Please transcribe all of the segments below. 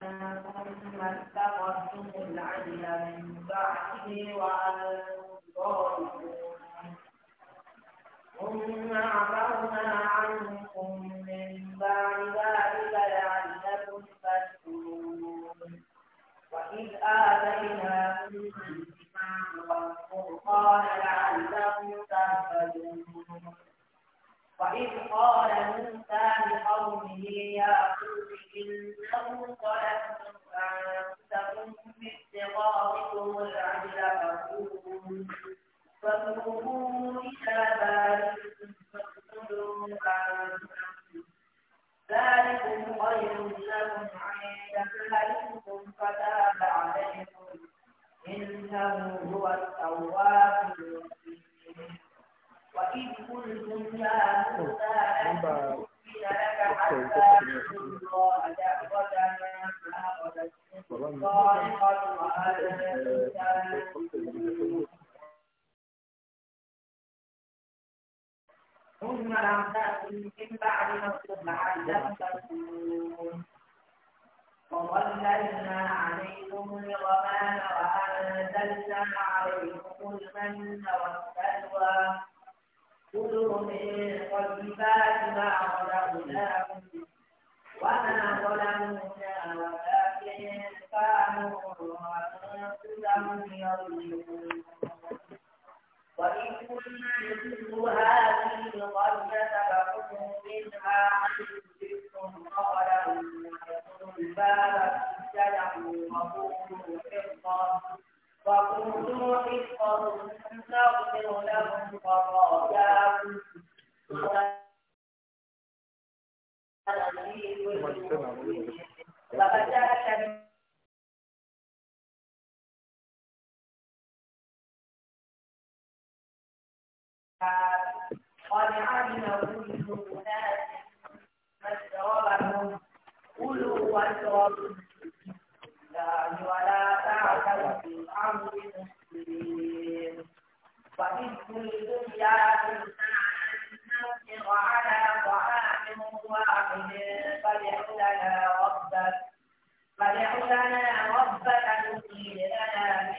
ثم اتخذتم العجل من بعده وأنتم ظالمون ثم عفونا عنكم من بعد ذلك لعلكم تشكرون وإذ آتيناكم الكتاب والفرقان لعلكم تهتدون وإذ قال موسى لقومه يا إنه ظلمتم أنفسكم باتخاذكم العجل فكوكم فكوكوا إلى بارئكم فاقتلوا أنفسكم ذلكم خير لكم عند كلامكم فتاب عليكم إنه هو التواب الرحيم وإذ قلتم يا موسى ثم لم تأتهم من بعد نصر لعلهم تسلمون وظللنا عليكم الغمام وأنزلنا عليكم المن والسلوى كل من طيبات ما رزقناهم وما ظلمونا ولكن كانوا أنفسهم يظلمون وإن كنا نسل هذه القرية فكلوا منها حيث شئتم قولا وادخلوا الباب سجدا وقولوا حفظا وكنتم حفظهم نغفر لهم خطاياهم وفتاك قد علم كل أناس مشربهم كلوا واشربوا الله ولا تعثوا في الأرض مفسدين وإذ كل جاء نفسر على طعام واحد فادع لنا ربك فادع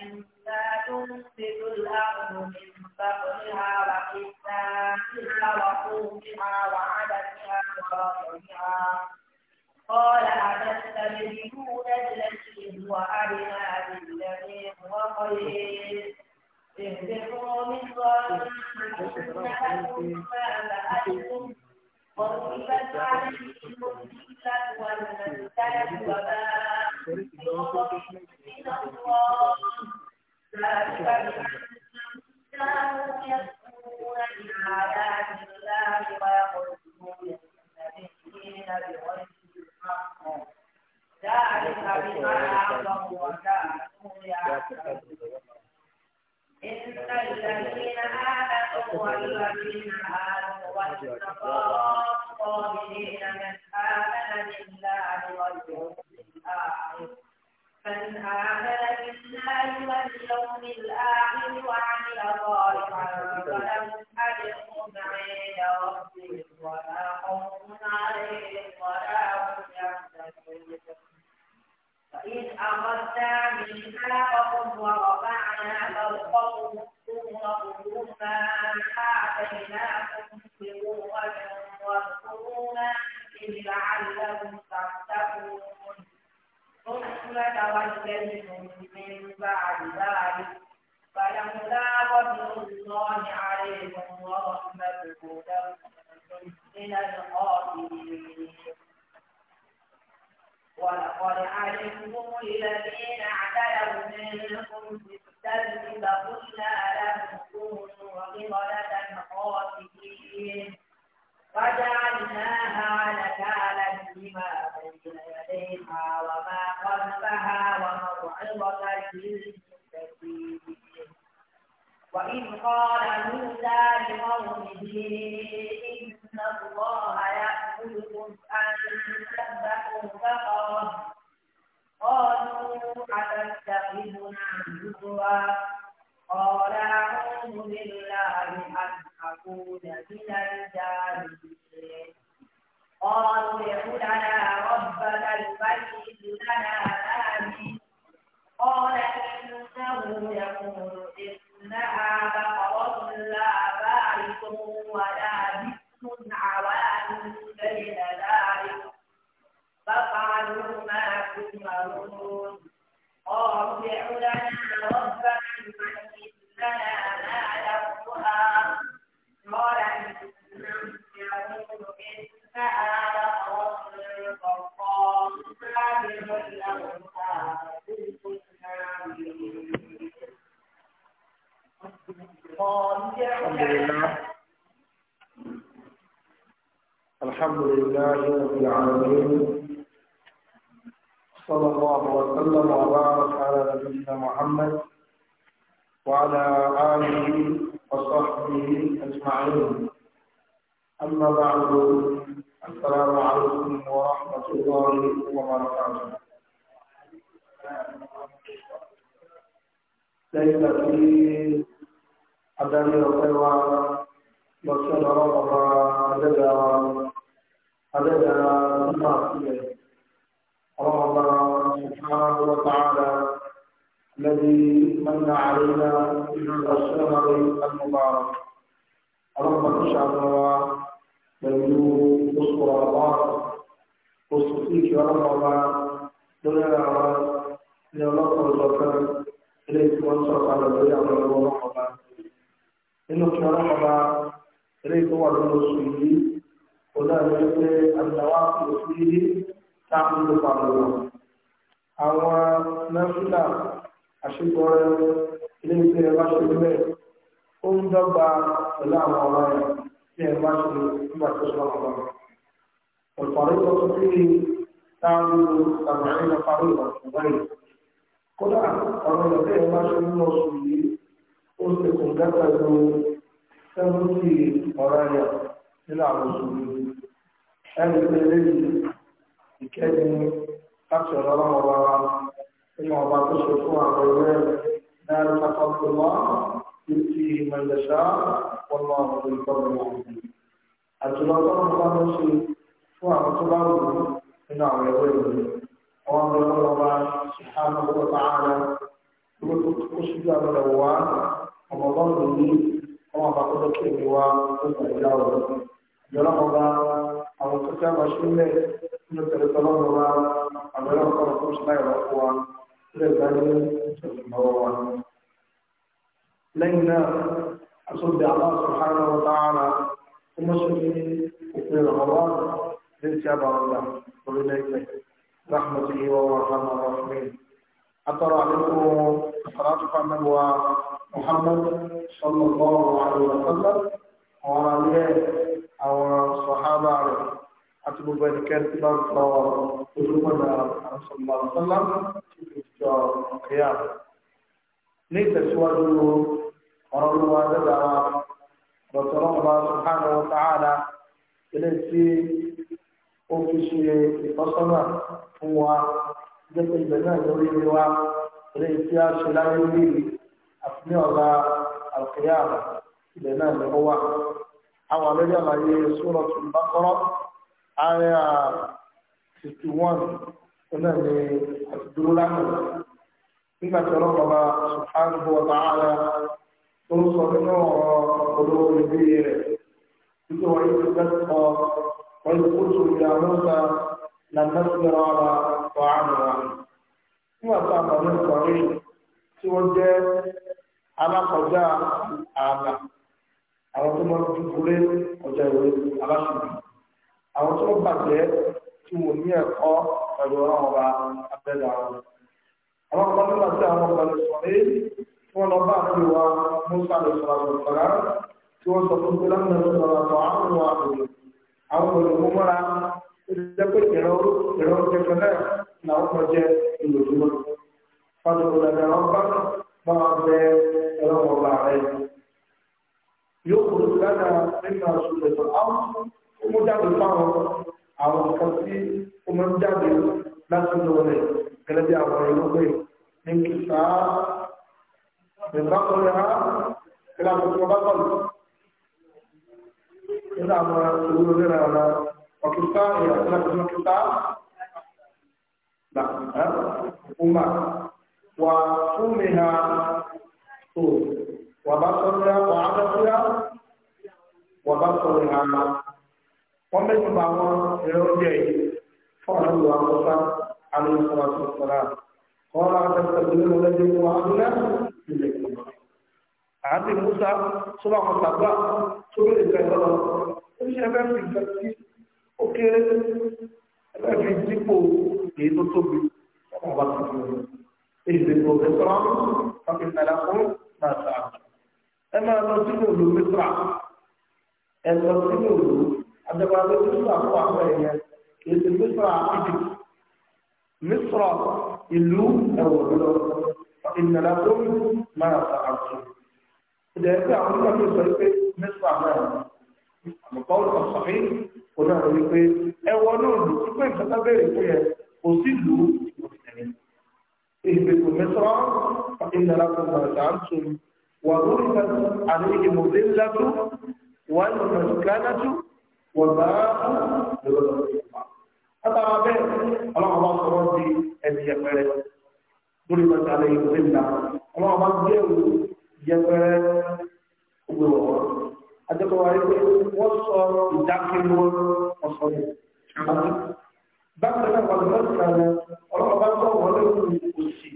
مما تنبت الأرض من فقرها وقسماتها وقومها وعدسها ورقمها قال أتستبدلون الذي هو أدنى بالذي هو خير اهبطوا من ظنكم ما لأنتم وضربت عليهم الذلة والمنزلة وباء من الله ذلك بأنهم يكفرون بآيات الله ويقتلون النبيين بغير ذلك بما أعظم وكانوا يعتدون إن الذين آمنوا والذين هادوا والصابرين من آمن بالله واليوم الآخر من آمن بالله واليوم الآخر وعمل صالحا فلهم أجرهم عند ربهم ولا خوف عليهم ولا هم إذ أخذنا ميثاقكم ورفعنا فوقكم الطور خذوا ما آتيناكم بقوة واذكروا ما فيه لعلكم تتقون ثم توليتم من بعد ذلك فلولا فضل الله عليكم ورحمته لكنتم من الخاسرين ولقد علمتم الذين اعتدوا منكم في السبت فقلنا لهم كونوا قردة خاسئين فجعلناها نكالا لما بين يديها وما خلفها وموعظة للمتقين وإذ قال موسى لقومه إن الله يأمر يأخذكم أن تذبحوا بقرة قالوا أتتخذنا هزوا قال أعوذ بالله أن أكون من الجاهلين قالوا ادع لنا ربك يبين لنا ما قال إنه يقول إنها بقرة لا بارد ولا بي ما تؤمرون قالوا لنا ربك يميز لنا ما لفظها قال إنهم يقولوا إنها لقرص الحمد لله الحمد لله رب العالمين sẹ́wọ́n sí ọ̀rọ̀ ayọ̀ nínú àwọn òṣèlú ẹni pé lẹ́yìn ìkẹ́ni láti ọ̀rọ̀ ọlọ́run ọba wa nínú ọba tó ṣe fún àwọn ẹgbẹ́ náà ló kápá tó lọ títí ìmọ̀lẹ́sà wọn lọ àwọn olùkọ́ni wọn. bá wù ú nínú àwọn ẹgbẹ́ ìlú àwọn ọlọ́run ọba ṣùgbọ́n àwọn ọba tó bá wà kó ṣíjú àwọn ẹ̀wọ̀ ọmọ ọlọ́run yìí ọmọ àbákọ́jọ́ kí èmi wá ọgbà ìyá ọ̀rọ̀ ìjọba ọba àwọn tó fẹ́ wá sílẹ̀ nínú tẹ̀lé tọ́lọ́mọ wa àbẹ̀rẹ̀ ọkọ̀ tó ń ṣe ìrọ́pò wa sílẹ̀ dání ìṣẹ̀lẹ̀ wa. lẹ́yìn náà asọ́bẹ̀ àwọn sọ̀hánà ọ̀tá ara ó mọ́ sí òpin ìrànlọ́wọ́ lẹ́yìn tí a bá wọ̀dà orílẹ̀-èdè rahmatullahi wa rahmatulahi atọ́rọ̀ àdínkù àfàràtúfà mẹ́wàá محمد صلى الله عليه وسلم وعلى أو صحابة أتبوا بين كاتب الله صلى الله عليه وسلم في القيامة ليس سواده ورب وادد رسول الله سبحانه وتعالى إليه ó fi ṣe ìtọ́sọ́nà fún wa jẹ́ pé ìgbẹ́ náà àfihàn ọ̀la àlùkìyàmà ilẹ̀ náà ni ó wà àwọn àlejò àlàyé sọ́rọ̀ tó ń bá kọ́rọ́ ààrẹ sixty one ọ̀nà ni àtúndúró lánàá nígbà tí ọlọ́pàá bá subhanahu wa ta'ala tó ń sọ nínú ọ̀rọ̀ olówó ibi rẹ̀ títí wọ́n yóò fẹ́ sọ wọ́n yóò kó tó ìyá mọ́ta làǹdà sí ọ̀rọ̀ ọ̀la wà á nígbà tá a bá ní sọ̀rọ̀ yìí tí wọ́n jẹ́ alákọjá ààlà àwọn tó máa ń dúkúrẹ́ ọjà ìwé aláṣùbí àwọn tó bàjẹ́ tí wọ́n ní ẹ̀kọ́ pẹ̀lú ọ̀rọ̀ ọba abẹ́lẹ̀ àwọn. àwọn kan nígbà tí àwọn ọ̀gbẹ̀lẹ̀ sọ̀rẹ́ tí wọ́n lọ bá àti wa musa lè sọ̀rọ̀ àgbẹ̀fọ̀rá tí wọ́n sọ fún gbẹ́lá mi sọ̀rọ̀ àtọ̀ àwọn àgbẹ̀ àwọn olùkọ́ mọ́ra ó ti jẹ́ pé ìrọ̀ ìrọ̀ kẹfẹ́ náà فادعوا لنا ربنا مع السلام الله يخرج لنا مما سلة الأرض ومجاب الفرق على الكثير ومجاب لا سلوني الذي أمره من كساء من بقرها إلى قسم بقر إلى ما سلوني لنا وكساء إلى قسم كساء لا أمة وفمها طول وبصرها وعدسها وبصرها ومن بعض يرجع فعل الله عليه الصلاة والسلام قال أتستدلون الذي هو أدنى بالذكر àti musa sọba àwọn tàgbà tó lè gbẹ lọ ó ṣe ẹgbẹ́ fi nǹkan tí ó kéré ẹgbẹ́ fi dípò èyí tó tóbi ọmọ bá tuntun rẹ. اهبطوا مصرا فقلنا لكم ما سألتم أما نصيبوا له مصرع أن نصيبوا له عندما نصيبوا له هو عملية مصرع إجبت مصر إلو أو فإن لكم ما سألتم إذا يبقى عملنا في الصيف مصرع ما القول الصحيح قلنا له يقول أولا نصيبوا يفتبه يقول أصيبوا اهبطوا مصر فإن لكم ما زعمتم وضربت عليهم الذلة والمسكنة وباءوا بغضب الله أتى به الله سبحانه في أن يقر ضربت عليهم الذلة الله ما جاءوا يقر أبوه أتى به وصار يدخل وصار bákan náà wà lọ́wọ́ ìsàlẹ̀ ọlọ́wọ́ bá tọ́ wọ́n lórí òsì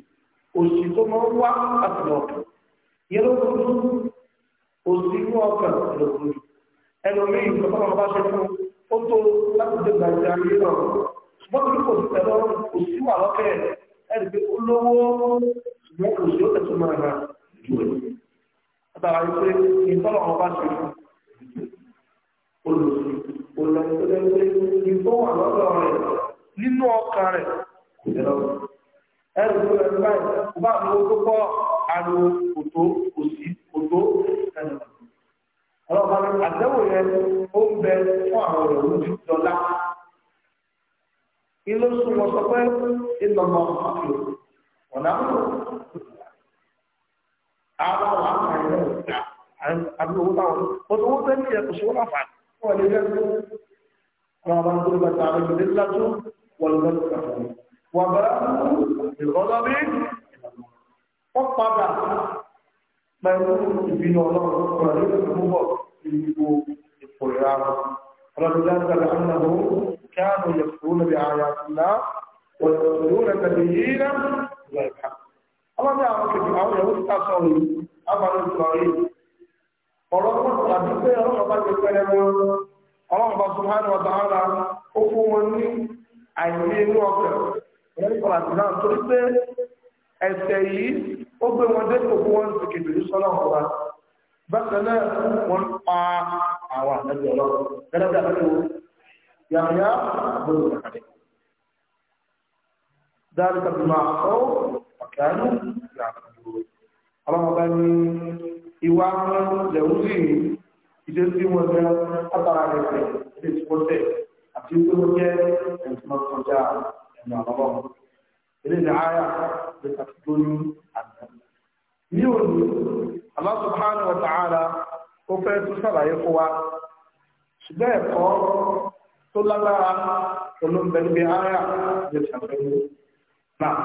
òsì tó máa ń wá àtìlọ́ ọ̀kan yẹ́rọ lójú òsì inú ọkàn lòkùn ẹlòmíì lọ́wọ́ bá ṣe fún ó tó láti dé gbàgbé ayé náà ṣùgbọ́n tó kò sí tẹ̀lọ́ òsì wà lọ́kẹ́ ẹ̀rì pé ó lówó ṣùgbọ́n òsì ó tẹ̀sùn máa rà jù ẹ̀ olùsí olùsọ̀lẹ́gbẹ́ ìbọn wà lọ́dọ̀ rẹ̀ nínú ọkàn rẹ̀ kò jẹ́ lọ́wọ́. ẹrù tó rẹ̀ báyìí kò bá àwọn owó pọ̀ àrùn òtó òsì òtó ẹnu. ọlọ́pàá ní àdéhùn yẹn ó ń bẹ fún àwọn ọ̀rọ̀ lójú dọ́là. ilé súnmọ́ sọ pé ìlànà àpò ọ̀nà àpò àwọn àwọn àpò àyẹ̀wò àbí owó táwọn ọ̀dọ̀ owó tẹ́lẹ̀ yẹn kò sí wọ́n láǹfààní. وليكن رمضان ضربت عليه الذلة والمسكة وباءوا بغضب وقبع pẹ̀lú ìbínú ọlọ́run kọ̀ọ̀lẹ́ ìgbàgbọ́ ìgbò ìpòyà رمضان قال أنهم كانوا يكفرون بآيات الله ويقتلون نبينا غير الحق الله يعلم كيف أول يوم تصوري أمر إسرائيل ọlọ́run tàbí pé ọlọ́run bá ti pẹ́rẹ́ wọn nínú ọgbẹ wọn ní kọlá náà torí pé ẹsẹ yìí ó gbé wọn dé kókó wọn ti kébè ní sọlá ọba bákan náà wọn pa àwọn àtẹjọ lọ gẹ́gẹ́ bí àtẹjọ yàrá gbọ́dọ̀ kàkàdé dáàbí tàbí máa kọ ọkàánú yàtọ̀ ọlọ́run ọba ní ìwà lẹwùsì ìdésí wọn ní àtàrà rẹ lè ti pọ àti tó jẹ́ ẹ̀sùn kọjá ẹ̀nà ọlọ́run eléyìí àyà lè ṣàtúntò ní àná ní òní Allah subhanahu wa ta'ala ó fẹ́ tún ṣàlàyé fún wa ṣùgbọ́n ẹ̀kọ́ tó lágbára olóńgbẹ níbi àyà lè ṣàtúntò náà.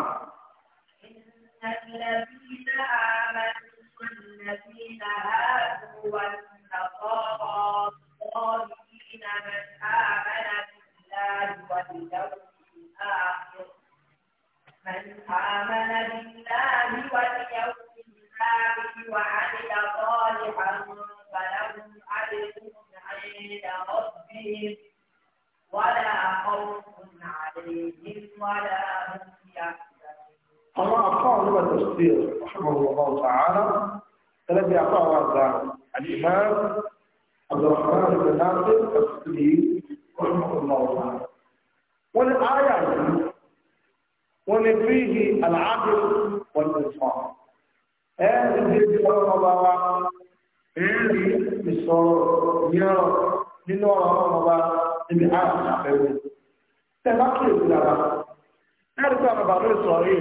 الذين آمنوا والذين هادوا والنصارى الصالحين من آمن بالله واليوم الآخر من آمن بالله واليوم الآخر وعمل صالحا فلهم أجرهم عند ربهم ولا خوف عليهم ولا هم يحزنون. الله أعطاه لغة التفسير رحمه الله تعالى الذي أعطاه هذا الإمام عبد الرحمن بن ناصر السوري rahimahullah wọ́n ní àyà yìí wọ́n ní fíìhì àlàáfíà wọ́n ní sọ ẹ̀ ẹ́ ní bí ọlọ́run ọba wa rírí ìsọ̀rọ̀ yẹ̀rọ nínú bá kí èsì lára ẹ̀rí pé àwọn bàbá ìsọ̀rọ̀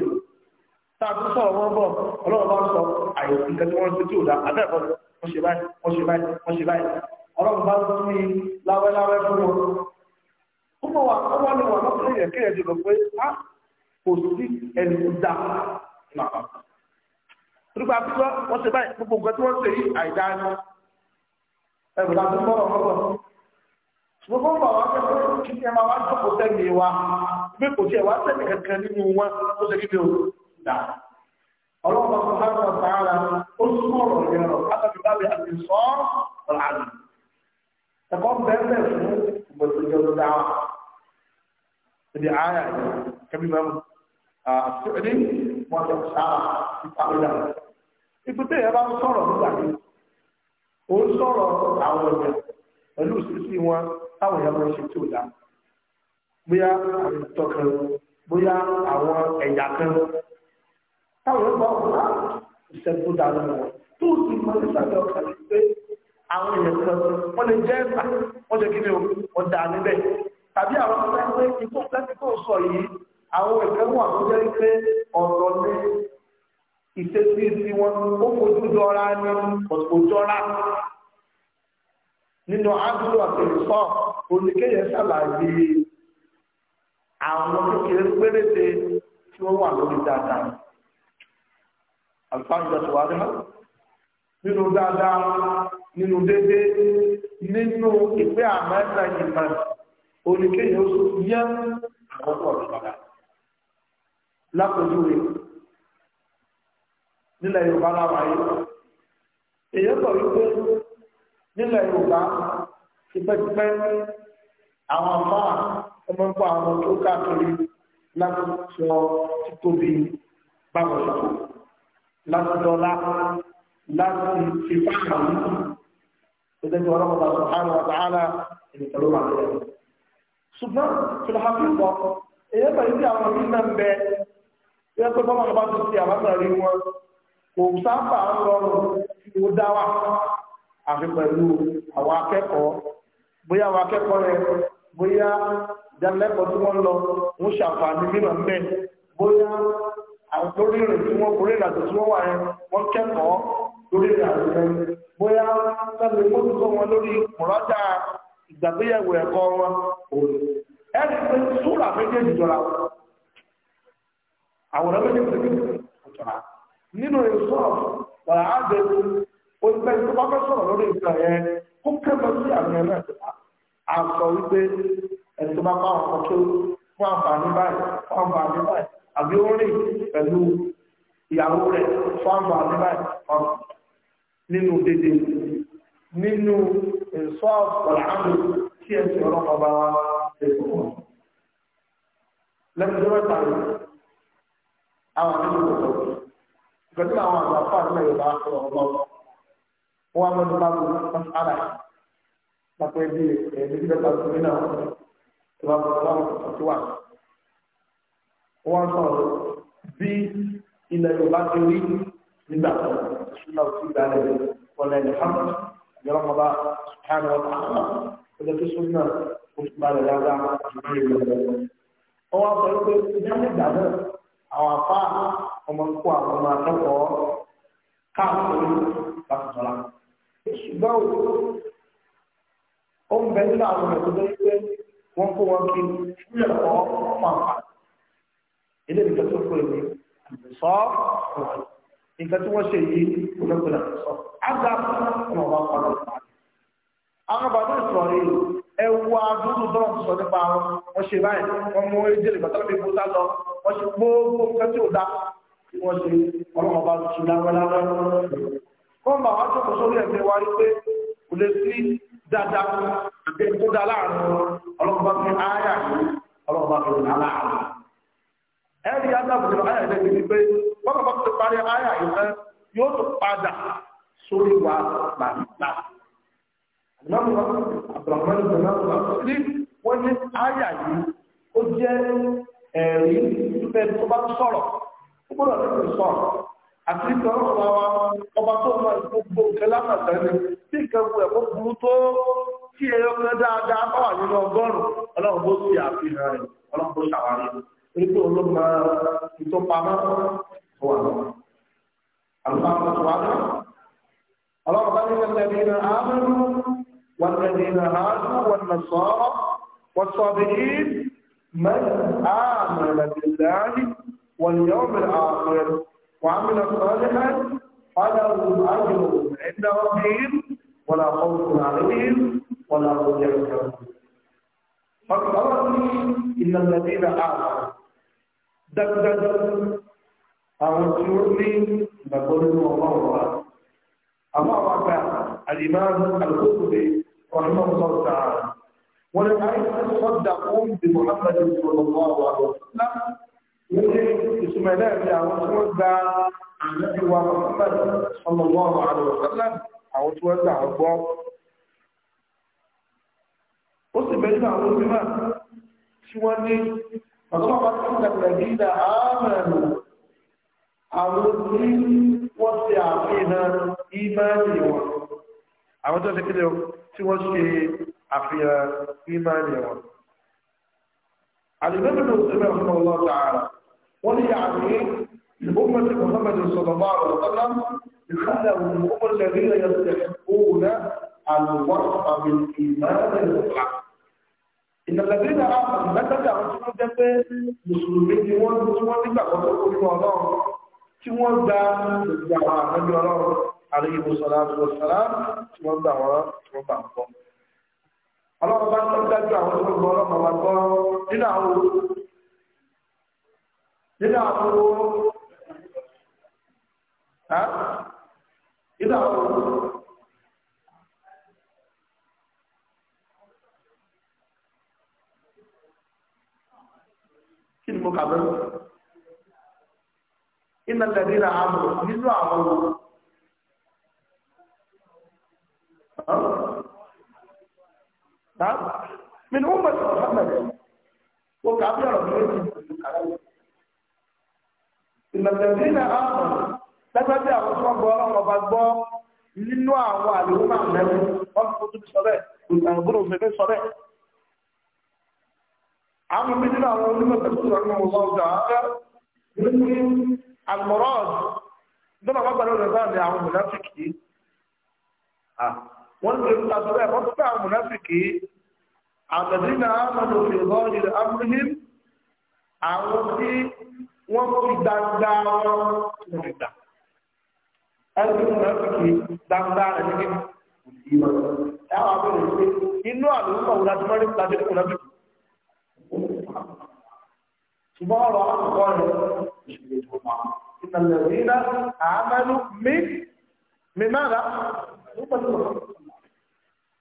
tí ò dá abẹ́ẹ̀kọ́ wọ́n ṣe báyìí wọ́n ṣe báyìí wọ́n ṣe báyìí ọlọ́run bá tún ní láwẹ́láwẹ́ fún wọn ó mọ̀ wá ó wá ní wọn lọ́kùnrin yẹn kéèyàn ti rò pé á kò sí ẹni tó dá nàá nígbà tí wọ́n ṣe báyìí gbogbo nǹkan tí wọ́n ṣe yí àìdá ni ẹ̀rù la tún bọ́rọ̀ lọ́wọ́ gbogbo nǹkan wá fẹ́ fún kí ẹ máa wá jókòó sẹ́yìn wa bí kò tiẹ̀ wá sẹ́yìn kankan nínú wọn ó ṣe kíkẹ́ ọlọ́run bá tún bá tún ọ̀tá ara ó sún ọ̀rọ̀ yẹn rọ̀ látàbí bá bẹ àti sọ́ọ́ ọ̀làdùn ẹ̀kọ́ bẹ́ẹ̀ fún ìgbésójú ọdún dáwà ibi ààyè kẹbí mẹ́mú àtúndì wọn jọ sáà ipa ìlà ìpútẹ́ yẹn bá ń sọ̀rọ̀ nígbà yìí ó ń sọ̀rọ̀ àwọn ọ̀dẹ̀ pẹ̀lú sísí wọn táwọn èèyàn máa ń ṣe tí ò dá bóyá àwọn ìtọ́ kan bóyá àwọn ẹ̀yà kan táwọn èèyàn bá wà ìṣẹ́gun dáná wọn tó sì máa ń ṣàjọ kan pé àwọn èèyàn kan wọ́n lè jẹ́ ẹ̀sà wọ́n lè kí ni ó dà níbẹ̀ tàbí àwọn ọmọ ẹgbẹ́ ikú pẹ́ẹ́sì tó sọ yìí àwọn ẹ̀kẹ́ wà tó jẹ́ pé ọ̀rọ̀ ní ìṣesí sí wọn ó fojú jọra ní òjọra nínú ádùúgbò àtẹ̀sọ́ oníkéyẹ ṣàlàyé àwọn kékeré péréte tí wọ́n wà lórí dáadáa àlùfáà ìjọsìn wa dá nínú dáadáa nínú dédé nínú ìpé àmọ́ ẹ̀ta ìgbà oníkéyìn oṣù yẹn àwọn tó ọ̀rọ̀ padà lápòjúwe nílẹ̀ Yorùbá láwàá yìí èyí sọ wípé nílẹ̀ Yorùbá tipẹ́tipẹ́ àwọn afá ọmọkọ àwọn tó káàkiri láti sọ títóbi báwọn sọ láti dọ́lá láti fífà àwọn ìdẹ́jọ́ ọlọ́mọba subhanahu wa ta'ala ìdíkẹ́ ló wà lẹ́yìn. ṣùgbọ́n fìlàfíìkọ èyí bẹ̀rẹ̀ sí àwọn ọmọdé náà ń bẹ bí wọ́n pẹ́ bọ́mọ ọba tó ti àbábẹ̀rẹ̀ rí wọn kò sábà ń rọrùn ó dá wà àfi pẹ̀lú àwọn akẹ́kọ̀ọ́ bóyá àwọn akẹ́kọ̀ọ́ rẹ bóyá ìdánilẹ́kọ̀ọ́ tí wọ́n lọ ń ṣàǹfààní mìíràn ń bẹ bóyá àwọn lórí ìrìn tí wọ́n kórè ìrìnàjò tí wọ́n wà yẹn wọ́n kẹ́kọ̀ọ́ lórí àwùjọ bóyá sábẹ mójútó wọn lórí mọ̀rọ́jà ìgbàgbéyẹ̀wò ẹ̀kọ́ wọn òní ẹni pé súrà méjèèjì jọra àwòrán méjèèjì jọra nínú èso ọ̀rọ̀ àgbẹ̀wò olùgbé tó bá fẹ́ sọ̀rọ̀ lórí ìgbà yẹn kó kẹ́kọ̀ọ́ sí àmì ẹ̀ náà àsọ wípé ẹni tó bá bá wọn kọ́ tó fún àǹfààní báyìí fún àǹfààní báyìí àbí ó rìn pẹ̀lú ìyàwó rẹ̀ fún àǹfààní báyìí fún àǹfààní nínú dédé nínú ìsọ́ ọ̀làánù tí ẹ ti ọ̀rọ̀ ọba wa lẹ́kọ̀ọ́ wọn. lẹ́nu tó mẹ́ta rẹ̀ àwọn nínú ọ̀dọ́ ìgbẹ́tí àwọn àgbà fún àdúrà yorùbá sọ̀rọ̀ ọba ọba wọn wá mẹ́nu bá bu ara lápẹ́ bí ẹ̀mí tí bẹ́ẹ̀ pàṣẹ nínú àwọn tó bá bọ̀ ọba wọn tó الله وسيد عليه ولا الحمد لرب الله سبحانه وتعالى إذا تسمعنا وسمع لا دعوة هو أصلا يعني دعوة أو أفا ومن قوى وما تقوى káàkiri lásìkọlá ṣùgbọ́n ó ilé ìjọsìn fún àbùsọ́ fún nǹkan tí wọ́n ṣe yìí olóògbé sọ ága fún ọmọ ọmọ ọmọ àwọn bàbá ìsọ̀rọ̀ yìí ẹ wo àdúgbò tó ń sọ nípa wọn wọ́n ṣe báyìí wọ́n mú ẹjẹ́ lè bàtà bíi bóta lọ wọ́n ṣe gbogbo nǹkan tí ò dá tí wọ́n ṣe ọlọ́mọ bá ti láwẹ́láwẹ́ kó ń bà tó kò sórí ẹ̀fẹ́ wa rí pé kò lè sí dáadáa àti ẹ̀kọ́ dá láàrin ọlọ́mọ bá fi áyà ọlọ́mọ bá fi láàrin ẹ̀rí adábòrò ayà ilẹ̀ ìlú pé pọ́pọ̀pọ̀ ti parí ayà ìfẹ́ yóò tó padà sórí wa làǹtà. àdìmọ́bùnà àbùràmọ́ni ìgbàlá sí wọ́n ní ayà yìí ó jẹ́ ẹ̀rí fẹ́ tó bá sọ̀rọ̀ ó gbọ́dọ̀ tó sọ̀rọ̀ àti ìtàn ọ̀rọ̀ wa ọba tó mọ ìgbogbo kẹlẹ́mà sẹ́ni tí nǹkan wù ẹ̀ kó burú tó kí ẹyọ kan dáadáa bá wà nínú ọgọ́rùn-ún ọlọ́run bó sì àfihàn rẹ̀ ọlọ́run bó ṣàwárí pé olóògùn máa ìtọ́pamọ́ tó wà lọ. àlùfáà tó wà lọ. ọlọ́run bá nílẹ̀ lẹ́bìnrin àmọ́nù wọn lẹ́bìnrin àádọ́ wọn nà sọ́ọ́ wọ́n sọ bìí من آمن بالله واليوم الآخر وعمل صالحا فلهم أجرهم عند ربهم ولا خوف عليهم ولا هم يحزنون. فقال إن الذين آمنوا dájúdájú àwọn tí ó ní ìgbàgbọ́ nínú ọlọ́run wa àmọ́ àwọn àgbà àlìmáàmù àlùkòkòrè ọ̀nà ọ̀sọ̀ọ̀sà wọn ni àìsàn sọ́dà fún bí Muhammad sọlọ́mọ́ àwọn àlọ́sílá wọ́n ní ìsúnmọ̀ náà ní àwọn tí wọ́n gba ànábì wa Muhammad sọlọ́mọ́ àwọn àlọ́sílá àwọn tí wọ́n gbà wọ́n ó sì bẹ́ẹ̀ ní àwọn onímọ̀ tí wọ́n ní فطبعا قد عند الذين آمنوا المسلم وسع فيها إيمانهم àwọn tó ṣe kéde o tí wọ́n ṣe àfihàn ìmáàlì wọn. àlùbẹ́bẹ̀ ló ṣe bẹ́ẹ̀ fún ọlọ́ tààrà wọ́n ní àmì ìbúmọ̀ tí muhammed sọ̀rọ̀mọ́ àwọn ọ̀tọ́lá ìkádà ìbúmọ̀ lẹ́rí ẹ̀yọ́ tẹ̀síkó náà àlùwọ́ àmì ìmáàlì wọn. ìtàlẹ́bí náà àpàdé mẹ́tẹ́ẹ̀dá àwọn tí wọ́n jẹ́ pé mùsùlùmí ni wọ́n tí wọ́n nígbàgbọ́ tó kó nínú ọlọ́run tí wọ́n gba ìgbà àwọn àmọ́jú ọlọ́run àríyìnbó sọ̀rọ̀ àti ọ̀sọ̀rọ̀ tí wọ́n gbà wọ́n tí wọ́n gbà ń bọ̀. ọlọ́run bá tọ́ dájú àwọn tí wọ́n gbọ́ ọlọ́run wa gbọ́ nínú àwọn nínú àwọn nínú àwọn kí ni mo kà bẹ́ẹ̀ iná lẹ́bí ra àmọ̀ nínú àwọn من أمة محمد وكعبد ربنا إن الذين آمنوا lẹ́gbẹ́dẹ́ àwọn tí wọ́n gbọ́ ọlọ́run ọba gbọ́ nínú àwọn àlèhùn àmì ẹ̀mí wọ́n fi fojú sọ bẹ́ẹ̀ òṣèlú sọ bẹ́ẹ̀ àwọn méjìlá àwọn onímọ̀ pẹ̀lú àwọn ọmọ ọ̀gá ọ̀gá ní àmọ́rọ́ọ̀dù dọ́là bá gbàdọ̀ lọ́dọ̀ ní àwọn mùnáfìkì wọ́n ti ta sọ bẹ́ẹ̀ wọ́n ti pẹ́ àwọn mùnáfìkì àgbẹ̀dì náà mọ̀tò fi ìbọn ìrẹ̀ amúhìm àwọn tí wọ́n fi gbangba wọn fi gbà ẹni mùnáfìkì gbangba rẹ̀ ní kí inú àlùmọ̀ wò láti mọ́rí láti mùnáfìkì. تمارا قالوا مش بيتهم إن الذين عملوا من من ماذا؟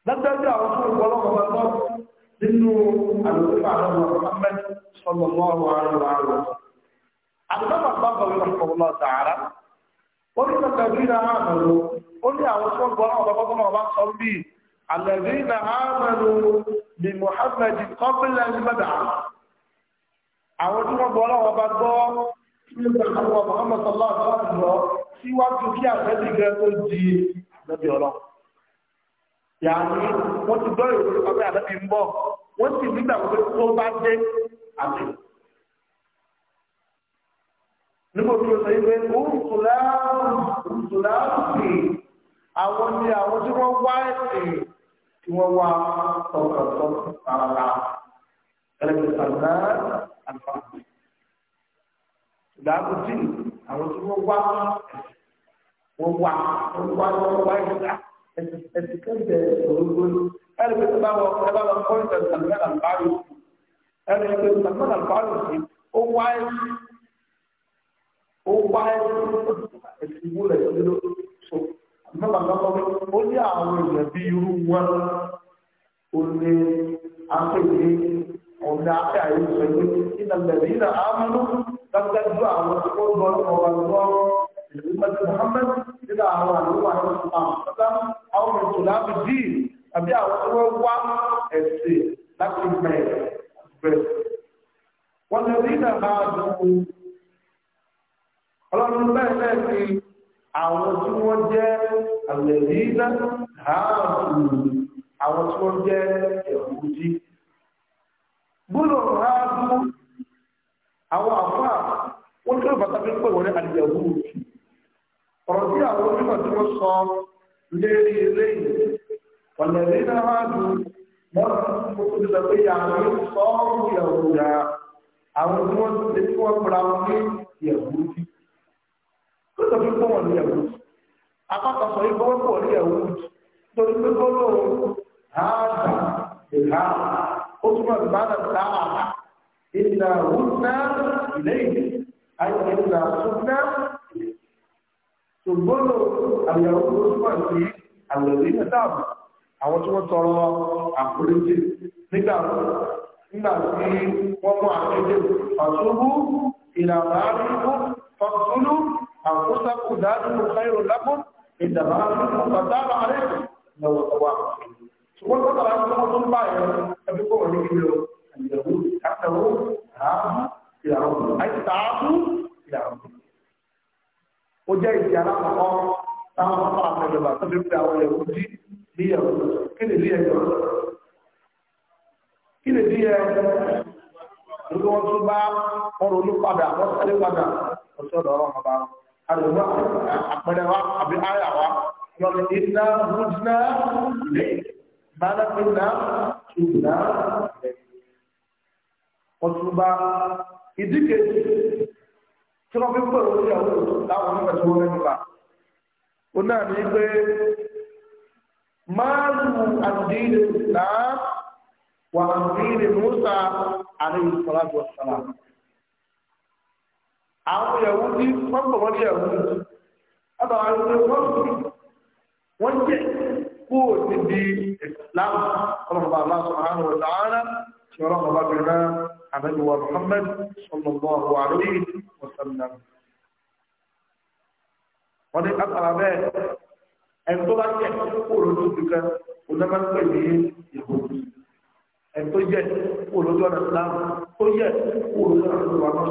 ده الدرجة رسول الله صلى الله عليه وسلم أنه أنه محمد صلى الله عليه وعلى وسلم عندما الله رحمه الله تعالى قلنا الذين عملوا قلنا رسول الله صلى الله عليه وسلم الذين عملوا بمحمد قبل المدعى àwọn tí wọ́n gbọ́ ọlọ́wọ́ bá gbọ́ nígbà àwọn Muhammad sallallahu alaihi wasallam lọ síwájú kí àfẹ́sì gẹ́ tó di àgbẹ̀bí ọlọ́ yàrá wọ́n ti gbọ́ ìròyìn pàpẹ́ àbẹ́bí ń bọ̀ wọ́n sì nígbà pé tó bá dé àti nígbà tí ó sọ yí pé òǹtùláàrùn àwọn ni àwọn tí wọ́n wá ẹ̀sìn tí wọ́n wá tọkàntọ́ tààrà ẹlẹ́gbẹ̀sán náà àlùfáà ìdáàbò tí àwọn tí wọ́n wá wọ́n wá wọ́n wá wọ́n wá ìdá ẹ̀sìnkẹ́sẹ̀ ògbóni ẹ̀rọ pé tí báwọn ọ̀rẹ́ bá lọ kọ́ ìtàn sàmúlẹ̀ àlùbáàrò sí ẹ̀rọ pé sàmúlẹ̀ àlùbáàrò sí ó wá ẹ̀sìn ó wá ẹ̀sìn ìwúlẹ̀ ìdúró so àmọ́bàbàbọ̀ ó ní àwọn èèyàn bí irú wọn ó ní afẹ́yẹ ọ̀nà àti àyè ìṣòro nínú ẹ̀mí ìlà àmúlò dájú àwọn tó gbọ́ ọ̀rọ̀ Muhammad nínú àwọn àlùmọ́ àwọn ìsìlámù pátá àwọn ìṣòro àti díì àbí àwọn tó wọ́n wá ẹ̀sìn láti bẹ̀rẹ̀ bẹ̀rẹ̀. wọ́n lè rí ìlà máa dùn ọlọ́run bẹ́ẹ̀ bẹ́ẹ̀ ni àwọn tí wọ́n jẹ́ àlẹ́rí ìlà gbọ́dọ̀ ráàbù àwọn àfáà wọ́n tó bàtà fi pè wọ́n ní àdìyàwó ọ̀rọ̀ tí àwọn onímọ̀ tí wọ́n sọ lérí eléyìí ọ̀nà ìlú náà máa dùn wọ́n tó tó ti sọ pé àwọn yóò sọ ọ́rùn ìyàwó ya àwọn tí wọ́n ti tí wọ́n pera wọn ní ìyàwó tí tó sọ fi pè wọ́n ní ìyàwó tí apákan sọ ìgbọ́wọ́ pọ̀ ní ìyàwó tí torí pé gbọ́dọ̀ ó túmọ̀ sí bá náà tá a ìlà wúnà ilé ìlú àti ìlà súnà ṣùgbọ́n àyàwó ló túmọ̀ sí àlòrí náà dáàbò àwọn tí wọ́n tọrọ àforíjì nígbà nígbà tí wọ́n mú àkéde fàṣubú ìlànà àríkú fàṣúlù àkóṣàkù dáàbò káyọ̀ lápò ìdàbà àríkú pàtàkì àríkú lọ́wọ́ tọwọ́. ṣùgbọ́n tọ́tàrà tí wọ́n tún bá yẹn ẹbí kọ́ wọn lórí lọ àyẹ̀wò àtàwọn ààbò ìlànà àìsàábù ìlànà. ó jẹ́ ìdí alákọ̀ọ́ táwọn afọ àtẹ̀jọba tó fi pe àwọn ẹ̀wù dí bí ẹ̀wù kí lè dí ẹ̀jọ̀ kí lè dí ẹ̀ lórí wọn tún bá ọrọ̀ olúpadà wọn sáré padà ọ̀sọ̀dọ̀ ọ̀rọ̀ ọ̀bá àdùnnú àpẹẹrẹ wa àbí àyà wa lọ́nà ìdá rúdínà بارك الله فينا ọtúnba ìdíkè tí wọn fi ń pèrò sí àwọn olùdáwọn nígbà tí wọn lẹ́nu bá ó náà ní pé máàlù àdínlẹ islam wà àdínlẹ musa alayhi salatu wa salam àwọn yahoo ní wọn pọ̀ wọ́n ní yahoo ọ̀dọ̀ àwọn yahoo wọ́n jẹ́ kúrò níbi ìsìláàmù ọlọ́pàá Allah subhanahu wa ta'ala tí ọlọ́pàá bá bẹ̀rẹ̀ náà ànábì wa Muhammad sallallahu alaihi wa sallam wọ́n ní kápára bẹ́ẹ̀ ẹni tó bá jẹ́ kúrò lójú kíkan onímọ̀pẹ̀ ní ìbò ẹni tó jẹ́ kúrò lójú ọ̀nà ìsìláàmù tó jẹ́ kúrò lójú ẹ̀rọ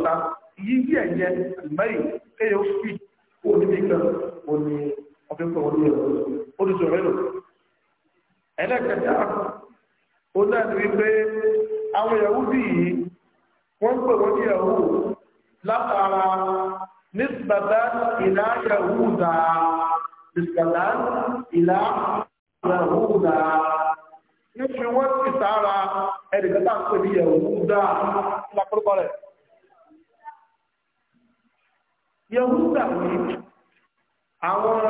ó ti sọ̀rọ̀ ẹ̀rọ ẹlẹ́kẹta ó dájú wípé àwọn Yahudi yìí wọ́n ń pè wọ́n ní Yahudi látara nísbàtà ìlà Yahuda nísbàtà ìlà Yahuda nífi wọ́n ti sára ẹ̀dẹ̀kẹta ń pè ní Yahuda lápẹ́lẹ́pọ̀ rẹ̀. Yahuda ní àwọn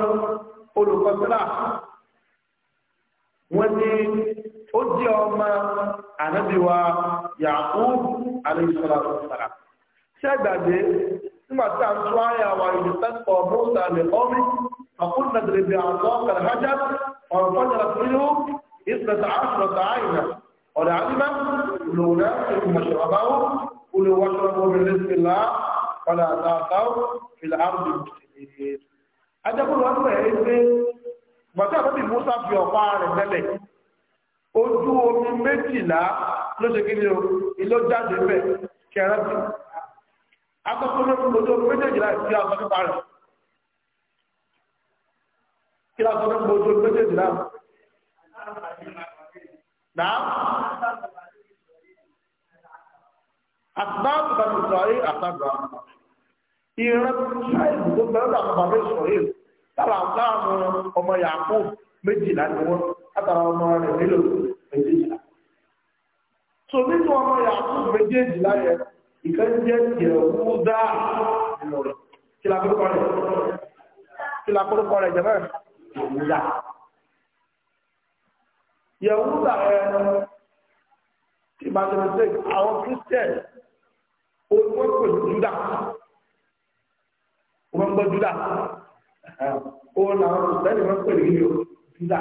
olùkọ́sílà wọ́n ní ó jẹ́ ọmọ ànábìwá Yaqub alayhisalatu wasalam ṣé gbàgbé nígbà tí a ń tún àyà wa ìlú tẹ́kọ̀ mọ́tà lè ọ́mí àkúrò nàdìrì bí àtọ́ kàlhájá ọ̀rọ̀ fọ́nyàrá fúnlẹ̀ ìsìnàtà àṣùrọ̀tà àyìnà ọ̀rẹ́ àdìmá lòunà ìmọ̀ṣọ̀rọ̀báwò olùwàṣọ̀rọ̀bọ̀ obìnrin sílá padà àtàkàwò fìlà àrùn gbàtí àbábí Musa fi ọ̀pá rẹ̀ mẹ́lẹ̀ ojú omi méjìlá ló ṣe kíni o ìlú jáde bẹ̀ kẹrẹ́tì akọ́kọ́ ló fi ojú omi méjèèjìlá ìfi aṣọ nípa rẹ̀ kí lásọ nípa ojú omi méjèèjìlá náà àtìbáàbù bàbá ìsọ̀rí àtàgbà ìrìn ṣáìlú tó bẹ̀rẹ̀ àwọn bàbá ìsọ̀rí lára láàmú ọmọ yàkó méjìlá ni wọn látara ọmọ rẹ̀ nílò méjèèjìlá so nínú ọmọ yàkó méjèèjìlá yẹn ìkan jẹ́ tiẹ̀ wú dáa nínú rẹ̀ kí la kórúkọ rẹ̀ kí la kórúkọ rẹ̀ jẹ́ bẹ́ẹ̀ yẹwúdà yẹwúdà ẹ ìbàdànṣe àwọn christian olùkọ́ pẹ̀lú juda wọ́n gbọ́ juda ó làwọn olùsẹ́ni wọn pè ní o pizza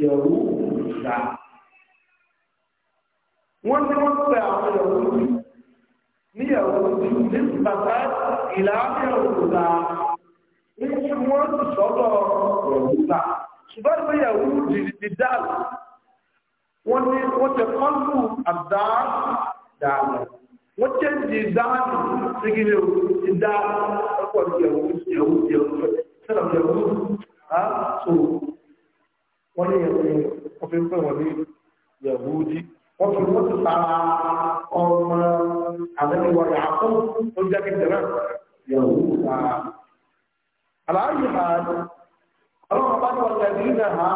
yẹ̀wù pizza. wọ́n ní wọ́n pè àwọn yẹ̀wù ní yẹ̀wù ní bàbá ìlà yẹ̀wù pizza ní kí wọ́n sọ́dọ̀ yẹ̀wù pizza. ṣùgbọ́n ìwé yẹ̀wù di dáàlù wọ́n ní wọ́n ti kọ́ńtù àdá dáàlù wọ́n tẹ́ di dáàlù sí kí o ti dáàlù ọ̀pọ̀ ìyẹ̀wù ìyẹ̀wù ìyẹ̀wù sẹ́nà ló yẹ kó á so wọ́n ní ẹ̀rọ wọ́n fi ń pè wọ́n ní yahudi wọ́n fi wọ́n ti para ọmọ àlẹ́wọ̀ yàtọ̀ tó jẹ́ kékeré yahuda aláàyè ha ọlọ́run bá ní wàlẹ́dínà ha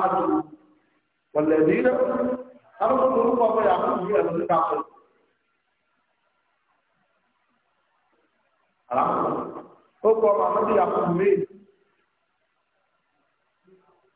wàlẹ́dínà alọ́kọ̀ tó ń bọ̀ ọmọ yàtọ̀ yìí ẹ̀rọ ní káfíńtì. ó kọ ọmọ àmọ́dé yàtọ̀ méjì.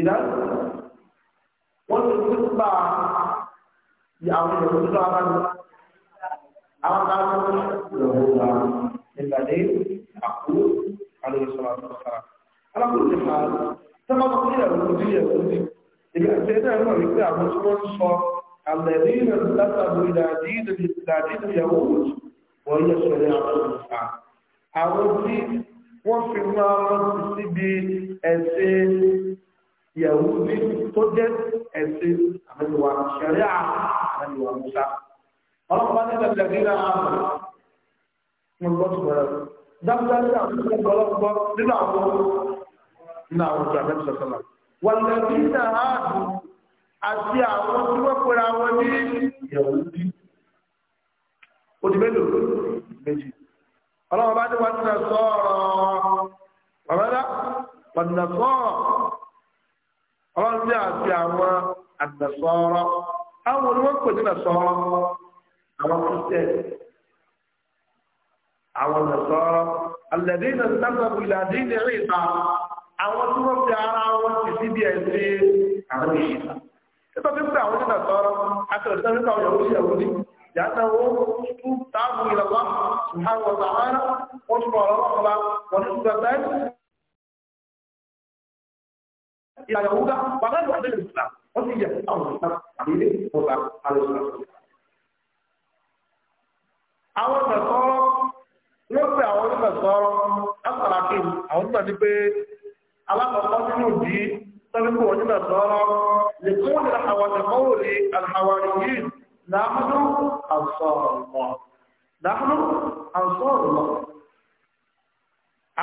ìdá wọ́n ti ti pa àwọn ìyàwó tó ara ní àwọn ará lọ́wọ́ wa nígbàdé àkúrò alóòsọ̀rọ̀ àtọ́sára. alákòó ti máa sábà tó ní ẹ̀rọ ojú ìyẹ̀wò ní ìgbà tí ẹ̀dá ẹ̀rọ rí pé àwọn tí wọ́n ń sọ àlẹ́rí rẹ̀ látàbí ìdàdí ìdàdí ìyàwó wọ́n yẹ sọ̀rọ̀ àwọn òṣà. àwọn tí wọ́n fi máa lọ sí síbi ẹ̀sìn yẹ̀wù ní tó jẹ́ ẹ̀sìn àmẹ́lùwà ṣẹ̀ríà àmẹ́lùwà musa. ọlọ́pàá bá nígbà tẹ̀lé ní àmà mo gbọ́ tó bẹ̀rẹ̀ dájúdájú àwọn ọlọ́pàá nínú àwọn nínú àwọn ọjọ́ àmẹ́lù sọ̀tọ̀lá. wàlẹ́bí náà á dùn àti àwọn tí wọn ní yẹ̀wù ní. odi mélòó méjì ọlọ́pàá bá ní wọn ti sọ̀rọ̀ bàbá dá wọn ti sọ̀rọ̀ ọlọ́run bí àti àwọn àgbẹ̀sọ́ọ́rọ́ àwọn oníwọ́n pè ní àgbẹ̀sọ́ọ́rọ́ àwọn kristian àwọn àgbẹ̀sọ́ọ́rọ́ alẹ́dí iná sábàbù ìlàdí ní ìta àwọn tí wọ́n fi ara wọn ti sí bí ẹ̀sìn àwọn èyí ta nípa pípẹ́ àwọn oníwọ́n àgbẹ̀sọ́ọ́rọ́ àti nípa àwọn ìyàwó ìyàwó ní yàtọ̀ wo tó táàbù ìlàwọ́ sùhánù ọ̀tà إلى يهودا وغير واحد من الإسلام وسيجد أمر الإسلام عبيد الله عليه الصلاة والسلام na nàṣọ́rọ́ ló pe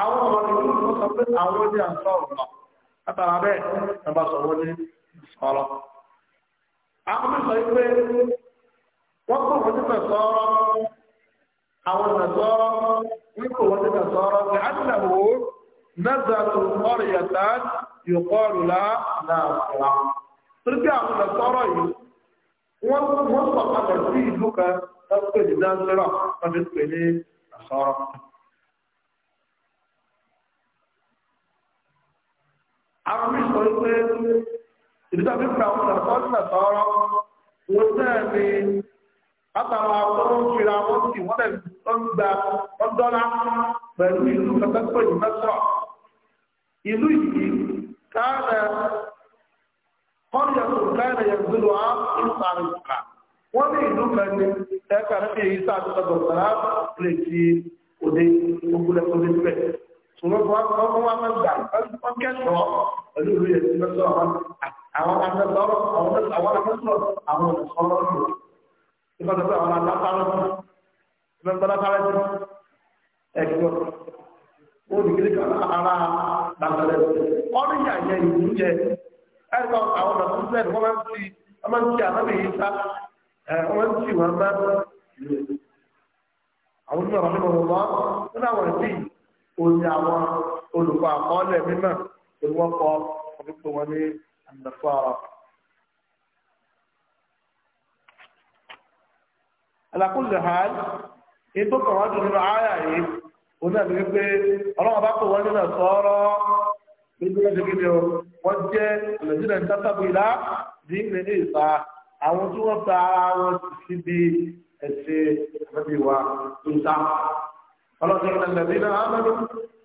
àwọn onímọ̀sọ́rọ́ látara bẹ́ẹ̀ ẹ bá sọ̀rọ̀ ní sọ̀rọ̀. àwọn mẹ́sàn yìí pé wọ́n kó wọn nípa sọ̀rọ̀ àwọn ìgbà sọ̀rọ̀ wọ́n kó wọn nípa sọ̀rọ̀ ní àdìlàwò nẹ́sàlù ọ̀rọ̀ yàtà náà sọ̀rọ̀. torí àwọn ìgbà sọ̀rọ̀ yìí wọ́n wọ́n sọ̀kalẹ̀ sí ìlú kan wọ́n pè ní dáńsẹ́rọ̀ wọ́n ti pè ní àsọ̀rọ̀. àwọn mí sọ wípé ìdíjọ́ fífi àwọn ọ̀sán sílẹ̀ sọ́ọ́rọ́ wọn náà ni látàwọn akọ́rọ́ ń fira wọn sì wọ́n lẹ̀ tó ń gba ọdọ́lá pẹ̀lú ìlú kẹtẹ́pẹ́ ìlú mẹ́sọ̀ ìlú yìí káàdà kọ́ńyà tó káàdà yẹn gbọ́dọ̀ á ń sáré kà wọ́n ní ìlú kan ẹ̀ka ní èyí sáà tó tọ̀tọ̀ sàrà lè ti òde ogun lẹ́kọ̀ọ́ ṣùgbọ́n wọ́n wá máa gbà wọ́n kẹ́kọ̀ọ́ pẹ̀lú ìlú yẹn tí wọ́n sọ àwọn afẹ́sọ̀rọ̀ àwọn afẹ́sọ̀rọ̀ àwọn olùsọ̀rọ̀ lò tí wọ́n sọ pé àwọn alápárọ̀ tí wọ́n gbọ́dọ̀ kárẹ́ sí ẹ̀gbọ́n wọ́n ní kíríkà ara bàtàlẹ̀ ọdún yà yẹ ìlú yẹ ẹ̀rọ àwọn ọ̀dọ́ sẹ́ẹ̀ wọ́n máa ń ti wọ́n máa ń ti àbábẹ̀ yìí sá wọ́n máa ń ti wọ́n máa ń àwọn onímọ̀ ọ̀rọ̀ ọ̀rọ̀ wọn náà wọ̀ òní àwọn olùkọ́ àkọọ́lẹ̀ mímọ̀ tí wọ́n kọ orúkọ wọn ní ànàfọ́ọ̀rọ̀. alákùnlé ha ní tó kàn wájú nínú ààyè yìí òun náà ní wípé ọlọ́run bá kó wọn nínú sọ́ọ́rọ́ nígbà tó kéde o wọ́n jẹ́ ìlẹ̀jìnlẹ̀ ń ní ilẹ̀ ní ìta àwọn tí wọ́n ta ara wọn síbi ẹ̀sìn àbẹ̀bí wa tó ta ọlọ́sìn náà nàbí náà ámẹ́nu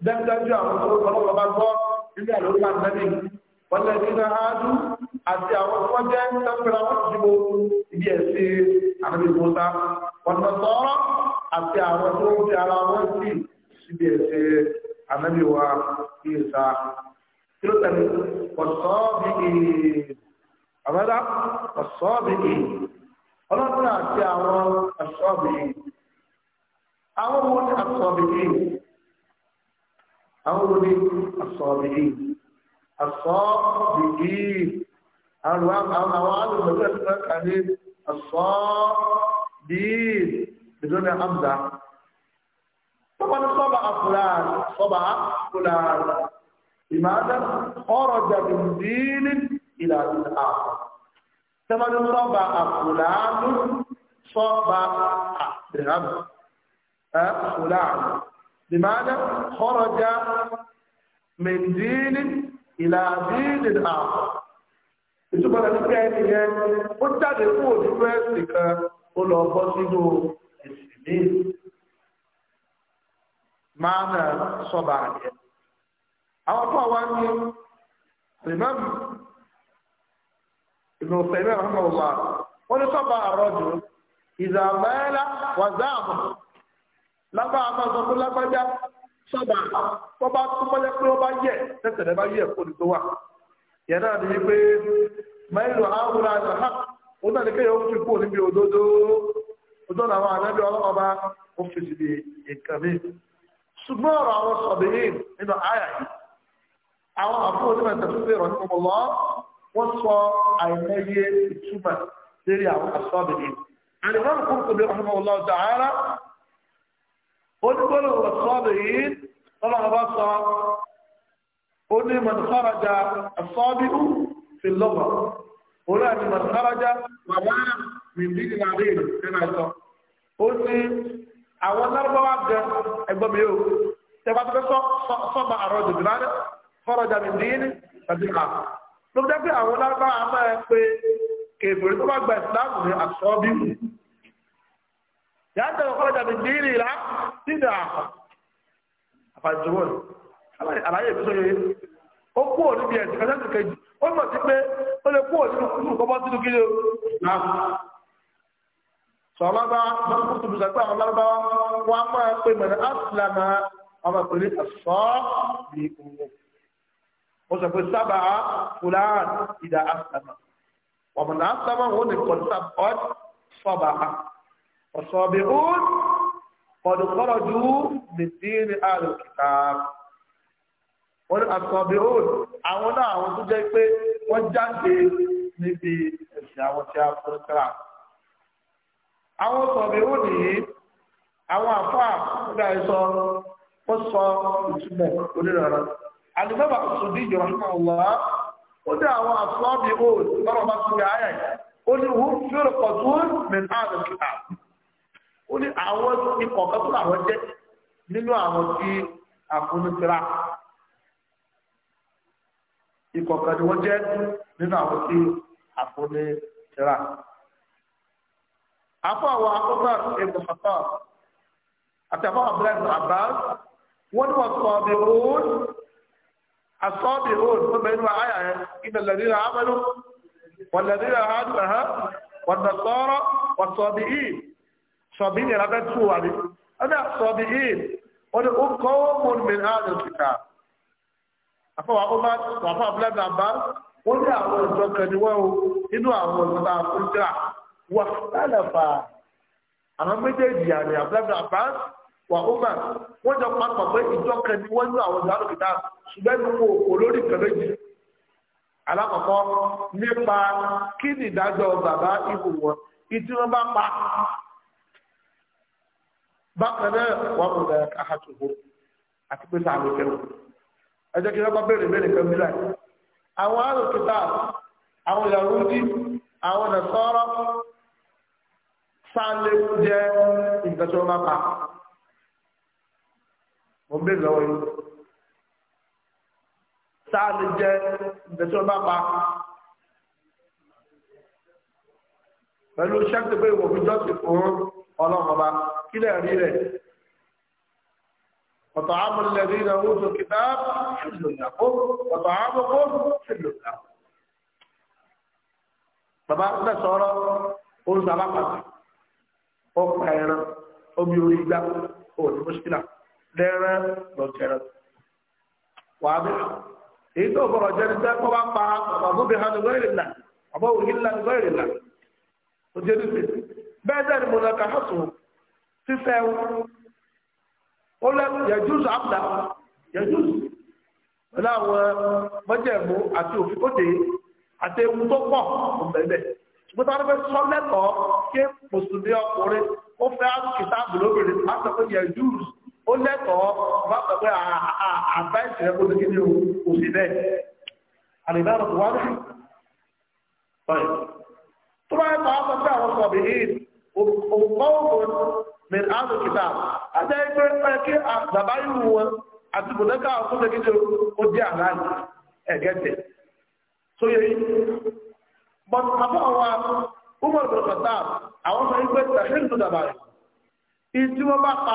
dájúdájú àwọn tó ọlọ́wọ́ bá gbọ́ nígbà ló bá nàbí wọn lẹ́ni náà áádú àti àwọn tó jẹ́ sáfẹ́ra wọn ti wo ibi ẹ̀sìn àbí mọ́ta wọn lọ sọ́ọ́rọ́ àti àwọn tó ń fi ara wọn sí ibi ẹ̀sìn ànábì wa ìsà kí ló tẹ̀lé ọ̀sọ́ bí àbádá ọ̀sọ́ bí ọlọ́sìn àti àwọn ọ̀sọ́ bí àwọn wo ni asọ̀bìrì àwọn wo ni asọ̀bìrì asọ̀bìrì àwọn alùpùpù ẹ̀sìn náà kà ní asọ̀bìrì bìdóni hamza tọ́ba ní sọ́ba afúlàn sọ́ba afúlàn ìmáàdá ọ̀rọ̀ jàdùn dínì ìlànà àpò tọ́ba ní sọ́ba afúlàn sọ́ba àdìrámù. خلاعا لماذا خرج من دين إلى دين آخر ìtumọ̀ náà nípa ẹni yẹn ó jáde fún òdúró ẹ̀sìn kan ó lọ bọ́ sínú ẹ̀sìn míì máa nà sọ́ba àjẹ́ àwọn fún àwa ní imam ibn Uthaymeen rahimahullah wọ́n ní sọ́ba àrọ́jù ìzàmẹ́lá wàzáàmù lágbára máa sọ fún lágbájá sábà tó bá tó bá yẹ pé ó bá yẹ tẹsẹ̀ rẹ bá yẹ kó ní tó wà yẹn náà ni pé mẹ́lò àwòrán àjàhà ó náà ní kéèyàn ó fi kúrò níbi òdodo òdodo làwọn ànábì ọlọ́mọba ó fi sí ibi nǹkan mi ṣùgbọ́n ọ̀rọ̀ àwọn sọ̀bìyìn nínú àyà yìí àwọn àfúrò onímọ̀ ìtẹ̀síwẹ̀ rọ̀ nínú lọ́ wọ́n sọ àìmọye ìtumọ̀ lérí àwọn àsọ̀bìyìn àdìmọ́ onígbọ́nà ọ̀sọ́ọ̀bì yìí ọlọ́run bá sọ ó ní mọ̀nìkọ́rọ̀jà ọ̀sọ́ọ̀bì ú fi lọ́gbà òun náà ni mọ̀nìkọ́rọ̀jà màmá mi bí ní àárẹ̀ nínú àìsọ ó ní àwọn lárúbáwá gẹ ẹgbọ́n mi yóò tẹ́gbà tó fẹ́ sọ́ọ̀bà àrọ̀ jòjì láti kọ́rọ̀jà mi dín ní àti kà ló jẹ́ pé àwọn lárúbáwá máa ń pe kèbèrè tó bá gba ìsìláàmù ní àsọ́ọ̀bì yàtọ̀ ọ̀kọ́lọ́jà mi dìírì ìlà dídà àfàjùwọ̀n àlàyé ìfúnṣọ́ yẹ ó kú òní bí ẹ̀sìn kẹsàn-án kejì ó mọ̀ sí pé ó lè kú òní nínú kọ́bọ́ sínú kí ni o náà sọ ọlọ́ba bọ́kú tó bùsà pé àwọn ọlọ́ba wọn á máa pe mọ̀nà áfìlànà ọmọ ìpínlẹ̀ ẹ̀sọ́ bí òun ó sọ pé sábà fúlàn ìdá áfìlànà ọmọ náà wọn ò ní kọ́ sọ́bà áfìlànà والصابئون قد خرجوا من دين أهل الكتاب wọ́n ní àtọ̀bíhùn àwọn náà àwọn tó jẹ́ pé wọ́n jáde níbi ẹ̀sìn àwọn tí a fún kíra. àwọn tọ̀bíhùn nìyí àwọn àfáà nígbà ìsọ wọ́n sọ ìtumọ̀ onírànà. àdìmọ́bà sùdí ìjọba ọ̀la ó ní àwọn àtọ̀bíhùn bọ́lá bá tún yà áyà yìí ó ní wọ́n fẹ́rẹ̀ pọ̀ tó mẹ́ta àdìmọ́bà ó ní àwọn ikọ̀ kan tó làwọn jẹ́ nínú àwọn tí àfúnitira ikọ̀ kan ni wọ́n jẹ́ nínú àwọn tí àfúnitira. afọ àwọn akọ́kọ́ ẹ̀kọ́ kọ́kọ́ àtàwọn abúlé àbá wọ́n ní wọ́n sọ ọ́bẹ̀ òun asọ́ọ̀bì òun tó bẹ̀rẹ̀ nínú àyà yẹn ìdè lẹ́dínlẹ́ àmàlú wọ́n lẹ́dínlẹ́ àádùn ẹ̀hán wọ́n dàgbọ́rọ̀ wọ́n sọ ọ́bì yìí sọ̀bí ní ẹ̀rọ abẹ́tù wà ní ọdún sọ̀bí yìí ó ní ó kọ́ ó mú mi ní àrùn kíkà àfọwọ́ àbúrò àfọwọ́ àbúrò àbá ó ní àwọn ìjọ kan ní wọ́n o inú àwọn ìjọba àfúnjá wà lálẹ́fà àwọn méjèèjì àmì àbúrò àbá wà ó mà wọ́n jọ papọ̀ pé ìjọ kan ní àwọn ìjọba àrùn kíkà ṣùgbọ́n ní wọn kò lórí alákọ̀ọ́kọ́ nípa kí ni ìdájọ́ bàbá ìbò wọn pa bákan náà wà mú dára káhà tó hó àti pé sáà ló fẹ́ wọn. ẹ jẹ́ kí wọ́n bá béèrè bẹ́ẹ̀ nìkan mílà yìí. àwọn alùpùpù àwọn Yahudi àwọn Nasara sáàlé jẹ́ nǹkan tó bá pa. mo béèrè lọ́wọ́ yìí. sáàlé jẹ́ nǹkan tó bá pa. pẹ̀lú sẹ́kítẹ́ ìwọ̀n fi jọ́sìn fún ọlọ́mọba. إلى أبيلين وطعام الذين أوتوا الكتاب حل لكم وطعامكم حل لكم طبعا ده صورة قول سبقا قول خيانا قول يريد قول مشكلة لنا نوتينا واضح إذا فرجل ذلك طبعا طعام وطعام بها لغير الله أبوه إلا لغير الله وجلسة بعد المناكحة صورة fífẹ́ ó lẹ́nu yẹjúùsù àbùdá yẹjúùsù pẹ̀lú àwọn mọ́jẹ̀mú àti òfin tó dé àti ewu tó pọ̀ ọ̀bẹ̀bẹ̀ ṣùgbọ́n táwọn fẹ́ sọ lẹ́tọ̀ọ́ kí mùsùlùmí ọkùnrin ó fẹ́ kìtàbù lóbìnrin láti pé yẹjúùsù ó lẹ́tọ̀ọ́ bá pẹ̀lú àbáìsì rẹ̀ kó ní kí ni òsì bẹ́ẹ̀ àlèbára tó wá ní tó bá yẹ kó àwọn sọ àwọn sọ min alu kitab ajá ẹgbẹ́ ẹkẹ́ bàbá yìí wọn àti bùdẹ́kà ọ̀fọ́sẹ̀kẹ́jọ ó jẹ́ àlàyé ẹ̀gẹ́tẹ̀ tó yẹ yìí bọ́n bàbá wa umar bin khattab àwọn ọmọ ẹgbẹ́ tahir tó dàbà rẹ̀ ìdí wọn bá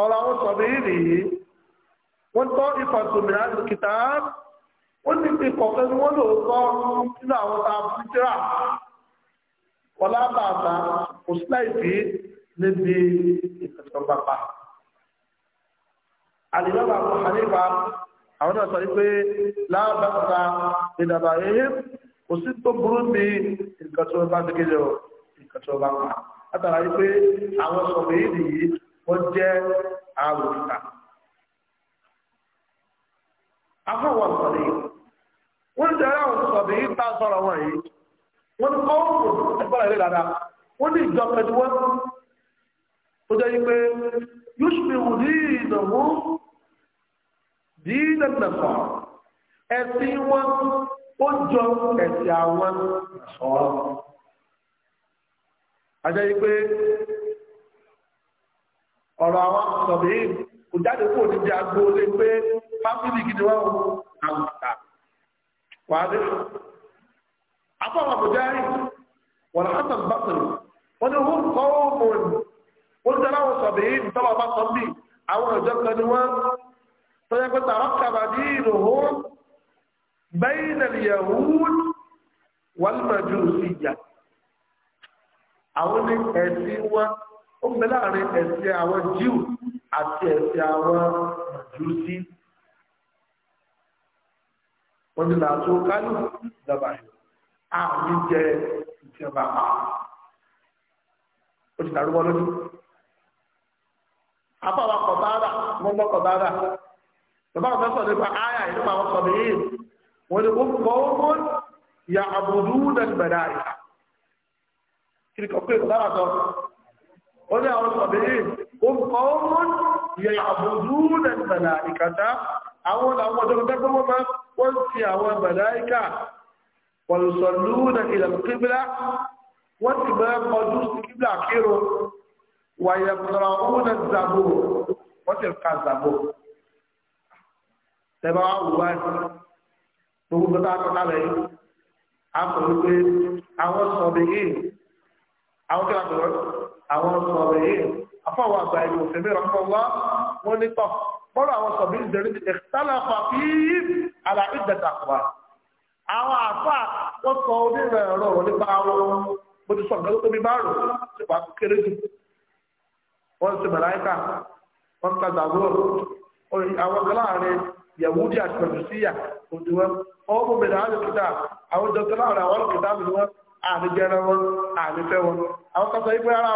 ọ̀rọ̀ àwọn sọ̀bí rèé wọ́n tọ́ ìfọ̀sọ̀mìnà kìtà ó ní ikọ̀ kẹ́ni wọ́n lò sọ nínú àwọn tá a fi tíra ọ̀lá bàbá kò sí láìpé níbi ìfẹ̀sọ̀gbàgbà àlìyọ́bà kò hànífà àwọn náà sọ wípé láàbàtà ìdàbà yìí kò sí tó burú ní nǹkan bá ti kéde ọ bá pa látara wípé àwọn sọ̀bí rèé ó jẹ́ àròkà afọwọ́ sọ̀rọ̀ yìí wọ́n ti tẹ̀lé àwọn sọ̀rọ̀ yìí tá a sọ̀rọ̀ wọn yìí wọ́n ti kọ́ òkú ẹgbọ́n ilé dada wọ́n ní ìjọ pẹ̀lú wọn tó jẹ́ wípé yúṣùpì wù ní ìnáwó dínà nàfà ẹ̀sìn wọn ó jọ ẹ̀sìn àwọn sọ̀rọ̀ a jẹ́ wípé ọ̀rọ̀ àwọn sọ̀bìrín kò jáde kúrò níbi agbo lé pé fámìlì gidi wọn ò àwùjá wàdé afọwọ́ àbújá yìí wọ́n hasan bàtìrì wọ́n ní wọ́n kọ́ òun wọ́n tẹ́lá wọn sọ̀bìrín tọ́wọ́ bá sọ bí àwọn ọ̀jọ́ kan ni wọ́n tọ́jà pé tààrọ́ kàbàdí ìròhó bẹ́yìn nàìyẹ̀wò wọ́n mọ̀ ju ìyà àwọn ní ẹ̀sìn wọn ó ń bẹ láàrin ẹ̀sìn àwọn Jíù àti ẹ̀sìn àwọn Màjúsí wọ́n ti làásù kálù dàbà yìí àmì jẹ ìjọba àwọn ó ti dàrú wọn lójú àbáwá kọ̀bára wọ́n mọ́ kọ̀bára bàbá àwọn fẹ́sọ̀ nípa áyà yìí nípa àwọn sọ̀rọ̀ yìí wọ́n ni wọ́n kọ́ ọ́n yà àbùdú nàìjíríà kìrìkọ̀ pé kọ̀bára sọ ó ní àwọn sọ̀bẹ̀rẹ̀ ọmọọ́mọ́n yẹ àbòdúnlẹ̀ mẹ̀láìkàtà àwọn àwọn ọ̀dọ́gbẹ́gbẹ́ wọ́n máa wọ́n ti àwọn mẹ̀láìkà pọ̀lùsọ̀lúnlẹ̀ ìlàkíbílá wọ́n ti bẹ́ ọdún sí kíbílá kírò wàyẹ̀ pọ̀lọ̀ọ̀húnlẹ̀ zàbò wọ́n ti ka zàbò tẹ́bà wà gbogbo tó tọ́ kálẹ̀ yìí a sọ wípé àwọn sọ̀bẹ̀rẹ̀ àwọn kí àwọn sọ̀rọ̀ yìí afọwọ́ àgbà ìlú òfèmí rọ̀kọ́wá wọ́n ní tọ̀ bọ́lọ̀ àwọn sọ̀rọ̀ yìí dẹ̀rí ìtàlá fàfí àlà ìdẹ̀tàkùwà àwọn àfà tó sọ onírọ̀ ẹ̀rọ wọn nípa àwọn bó ti sọ nǹkan tó bí márùn ti pa kéré jù wọ́n ti màláíkà wọ́n ti tàgbà wọ́n àwọn kan láàrin yahudi àti mẹjùsíyà òdiwọ́n ọmọ mẹ́rin àlejẹrẹ wọn àwọn kan sọ ara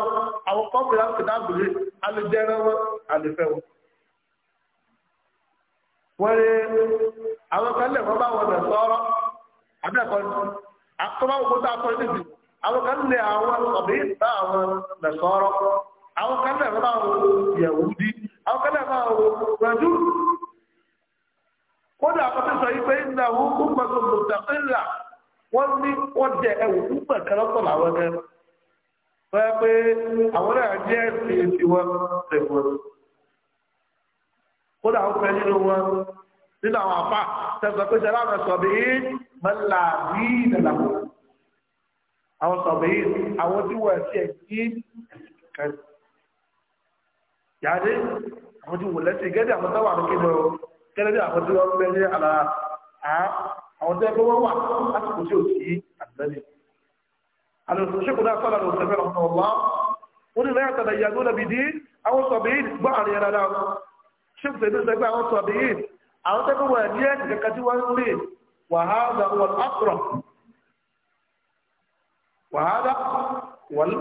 àwọn kọfìlà kìdàbùlé àlejẹrẹ wọn àlefẹ wọ́n lé àwọn kan wọ́n bá àtọ́wọ́ a kọ́ níbi àwọn kan àwọn ọ̀bẹ bá àwọn lè sọ̀rọ̀ àwọn kan wọ́n bá wọn Yẹhudi àwọn kan bá wọn gbẹ̀dú. kódà àwọn sọ yìí ìnáwó kó pẹ̀lú wọ́n ní wọ́n jẹ ẹ̀wù púpọ̀ kan lọ́tọ̀ làwọn gan wọ́n yẹ pé àwọn náà jẹ́ ẹ̀sìn ti wọn rẹ̀ wọ́n kódà ó fẹ́ nínú wọn nínú àwọn àpá tẹ̀sán pé ṣẹlá àwọn sọ̀bì yìí mọ́là bí ìdàlà wọn àwọn sọ̀bì yìí àwọn tí wọ́n ẹ̀sìn ẹ̀sìn kan yàrá àwọn tí wọ́n lẹ́sìn gẹ́gẹ́ àwọn tó wà ní kéde o àwọn tí wọ́n ń ní àlà àwọn tó yẹ kó wọ́n wà láti kò sí òsì àtẹ́lẹ̀ àlòsùn ṣe kò dá sọ́lá lòsùn ẹ̀fẹ́ lọ́sùn ọ̀wá ó ní lẹ́yìn àtàlẹ̀ ìyàgò nàbì dí àwọn sọ̀bì yìí gbọ́ àrùn yẹn dáadáa ṣé kò tẹ̀lé sẹ́gbẹ́ àwọn sọ̀bì yìí àwọn tó yẹ kó wọ́n ẹ̀dí ẹ̀ kẹ̀kẹ́ tí wọ́n ń rè wàhálà wọ̀l àkùrọ̀ wàhálà wọ̀l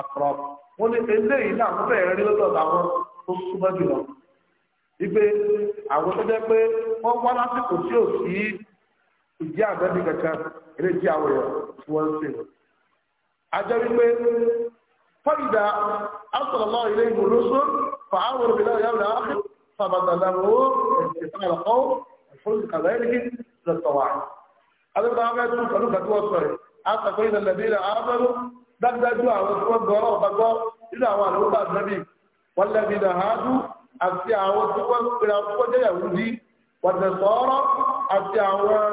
àkùrọ̀ wọ́n ní eléyìí náà wọ́n rí lọ́dọ̀ àwọn tó súnmọ́ jùlọ ìgbé àwọn tó jẹ́ pé wọ́n wá lásìkò tí ò sí ìjẹ́ àbẹ́bí kankan eré tí àwọn èèyàn tí wọ́n ń sè. Àjọ wípé fọ́ìdà asọ̀rọ̀lọ́ ilé ìmúlóṣó fàáwọn obìnrin náà yàrá fàbàtàlàwò ìfàlọ́kọ́ ìfọ́nìkàlẹ́rì lọ́tọ̀wà. Adébọ̀dá wọn fẹ́ tún pẹ̀lú kàtí wọ́n sọ̀rọ̀. A sàkó ilẹ̀ nàbí ilẹ̀ arábẹ́rú dájúdájú àwọn tí wọ́n gbọ́rọ̀ ọba gbọ́ nínú àwọn àlùkà nàbí. Wọ́n lẹ́bi nà hádú àti àwọn tí wọ́n pèrè àwọn tí wọ́n jẹ́ yàwùdí. Wọ́n tẹ̀sọ̀ọ́rọ̀ àti àwọn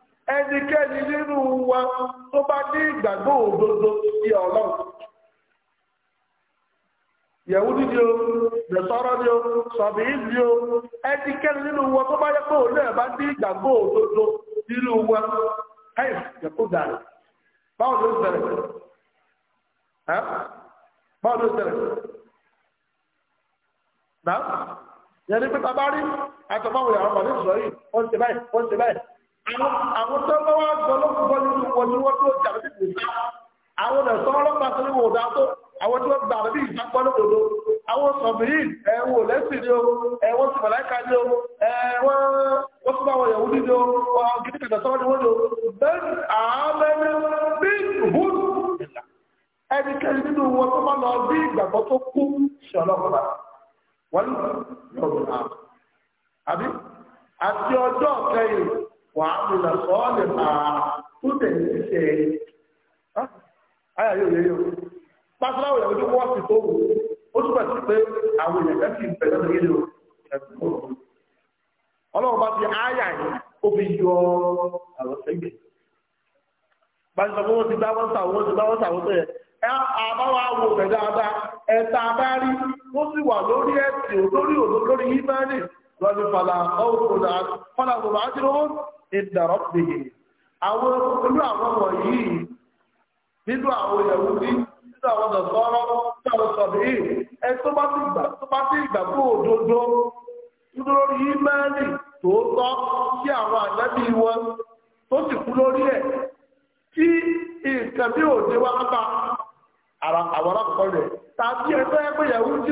ẹnikẹ́ni nínú wa tó bá ní ìgbàgbọ́ òdodo sí ọlọ́run yẹ̀wúdí ni o lẹ́sọ́rọ́ ni o sọ̀bì yìí ni o ẹnikẹ́ni nínú wa tó bá yẹ kó òun náà bá ní ìgbàgbọ́ òdodo nínú wa ẹ̀yìn yẹ̀kú dàrú báwo ló ń bẹ̀rẹ̀ ẹ́ báwo ló ń bẹ̀rẹ̀ náà yẹn ní pípa bá rí àtọ̀fáwọn ìyàwó ọmọ ní sọ̀rí wọ́n ti báyìí wọ́n ti báyìí àwọn tó bá wá gbọ́lọ́gbọ́ nínú wọn ni wọ́n tó jà lóbi kò sá àwọn ẹ̀sọ́ ọlọ́pàá tó ní wò dá tó àwọn tí wọ́n gbà lóbi ìsápọ́ lódodo àwọn sọ̀bìrín ẹ̀wò lẹ́sìn ni o ẹ̀wọ́n sì mọ̀láìka ni o ẹ̀wọ́n wọ́n tún bá wọn yẹ̀wò nídìí o wọ́n gidi kẹ̀kẹ́ sọ́wọ́n ni wọ́n lò bẹ́ẹ̀ àmẹ́ni bí hùn ẹnikẹ́ni nínú wọn tó bá lọ bí ìgbàgbọ́ tó kú sí ọlọ́pàá wọ́n lọ́ọ̀rọ̀ àbí àti ọjọ́ kẹyìn wà á mú lọ sọ ọ́ lè pa tó tẹ̀ ní tó tó wù. Ó sí pé àwọn bẹ̀rẹ̀ lórí Ọlọ́run bá fi yìí ó fi yọ àwọn sẹ́gbẹ̀. Pásítọ̀ wọn ti wọn sà wọn ti wọn sà wọn Ẹ Ẹ̀ta sì wà lórí ẹ̀sìn lórí ìdàrọ́ pèyè àwọn olú àwọn wọ̀nyí nínú àwọn ìyàwó nínú àwọn dọ̀tọ́rọ́ nínú sọ̀bí ẹ tó bá ti gbà òdodo dúró lórí tòótọ́ sí àwọn ànábì wọn tó sì kú lórí ẹ̀ tí nǹkan bí wá bá àwọn rẹ̀ tàbí ẹgbẹ́ ẹgbẹ́ ìyàwó tí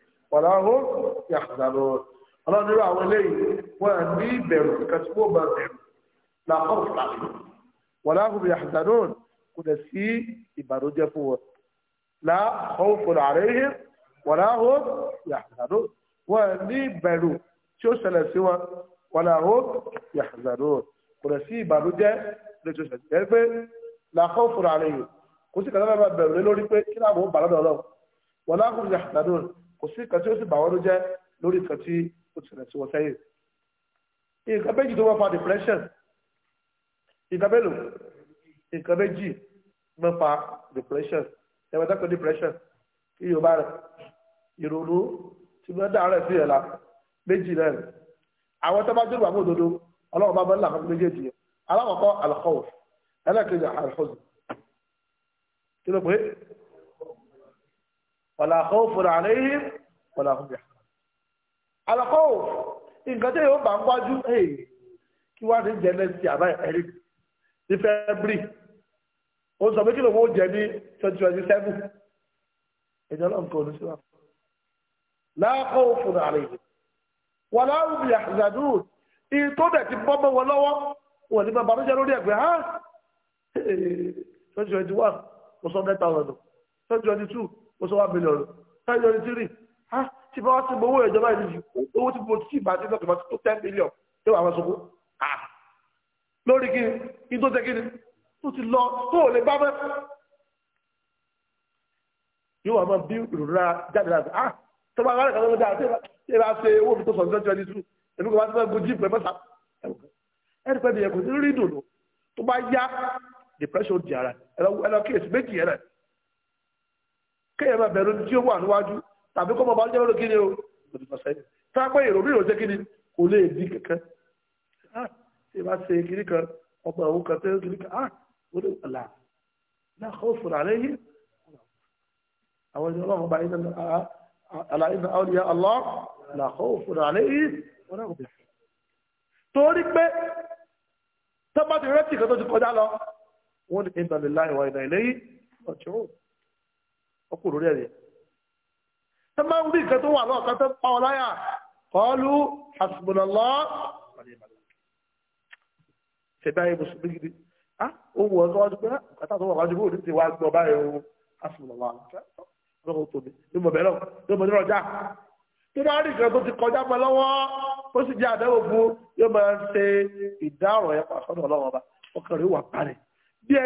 pàdáhùn yàtọ̀ ọlọ́dúnrún àwọn eléyìí wọ́n ní ìbẹ̀rù kẹsí wọ́n bá bẹ̀rù làkọ́kù tàbí wọ́n láhùn yàtọ̀ kò dẹ̀ sí ìbànújẹ́ fún wọn láhùn fúnra rẹ̀ yìí wọ́n láhùn yàtọ̀ wọ́n ní ìbẹ̀rù tí ó ṣẹlẹ̀ sí wọn wọ́n láhùn yàtọ̀ kò dẹ̀ sí ìbànújẹ́ lójú ṣẹlẹ̀ pé làkọ́ fúnra rẹ̀ yìí kò sí kàtàkàtà bẹ̀rù lórí pé kí kò sí nǹkan tí ó sì bà wọ́n ló jẹ́ lórí nǹkan tí ó ti rẹ̀ sí wọn sẹ́yìn. nǹkan méjì tó wá fa depression nǹkan mélòó nǹkan méjì máa fa depression ẹ̀wọ̀n dákọ̀ depression kí yorùbá rẹ̀ ìrònú tí wọ́n dáa rẹ̀ sí ẹ̀ la méjì rẹ̀ àwọn tó bá dúró àwọn òdodo ọlọ́run bá bá ńlá kan méjèèjì yẹn alákọ̀ọ́kọ́ alkhawf ẹlẹ́kejì alhuzn kí ló pé wala khawfun alayhim wala hum yahzanun alakọ́wò nǹkan tó yóò bá ń wájú kí wá ní jẹ́ lẹ́sí àbá ẹ̀rí ní fẹ́ẹ́bírì ó sọ pé kí lòun ó jẹ ní twenty twenty seven ẹ̀jẹ̀ náà nǹkan oníṣẹ́ wa la khawfun alayhim wala hum yahzanun iye tó dẹ̀ ti bọ́ mọ́ wọn lọ́wọ́ wọn ní bàbá méjì lórí ẹ̀gbẹ́ ha twenty twenty one mo sọ hundred thousand twenty twenty two ó sọ wá bílíọ̀nù táyọ̀ ní tírì á tí bá wá sí owó ìjọba ìlú yìí owó tí mo ti bá títọ́ tòmátì tó ten million tó wà wá sọ́kó lórí kí ni kí tó tẹ kí ni tó ti lọ tó ò lè bá mẹ́ yóò wà máa bí ìrora jáde láti á tó bá wà lẹ́ka lọ́wọ́ dáa tí ẹ bá ṣe owó mi tó sọ̀rọ̀ lọ́jọ́ ní sùn èmi kò bá ti fẹ́ gojú ìpè mẹ́ta ẹ̀rí pẹ́ nìyẹn kéèyàn máa bẹ̀rù tí ó wà níwájú tàbí kó mọ bá ń jẹ́ lórí kíni o lórí kan sẹ́yìn tá a pẹ́ ìròbí ìròjẹ́ kíni kò lè di kankan ah, ṣé bá ṣe kíní kan ọgbà òun kan tẹ́lẹ̀ kíní kan á ah, ó lè là náà kó fòrò àlẹ́ yìí àwọn ìjọba ọlọ́run bá yín náà àlàyé náà ó lè yá ọlọ́ là kó fòrò àlẹ́ yìí wọn náà kò bẹ̀rẹ̀ torí pé tọ́pọ̀ ti rẹ́tì kan tó ti kọjá lọ wọ́n ní ìbàlẹ̀ láìwá ìdá ilé yìí ó kù lórí ẹ̀rí tó máa ń rí nǹkan tó wà lọ́ọ̀kan tó pa ọ láyà kọlu hasbunallah ṣẹ̀dá ẹ̀ mùsùlùmí gidi ó wù ọ́ tó wá ju pé kàtà tó wà wájú bóòdì ti wá gbọ́ báyìí o hasbunallah lọ́kọ̀ tóbi ní mo bẹ̀rẹ̀ ní mo dúró já tó bá rí nǹkan tó ti kọjá pẹ́ lọ́wọ́ ó sì jẹ́ àdáwò fún yóò máa ṣe ìdá ọ̀rọ̀ yẹn ọlọ́wọ́ ọba ọkàn rẹ̀ wà parẹ́ bí ẹ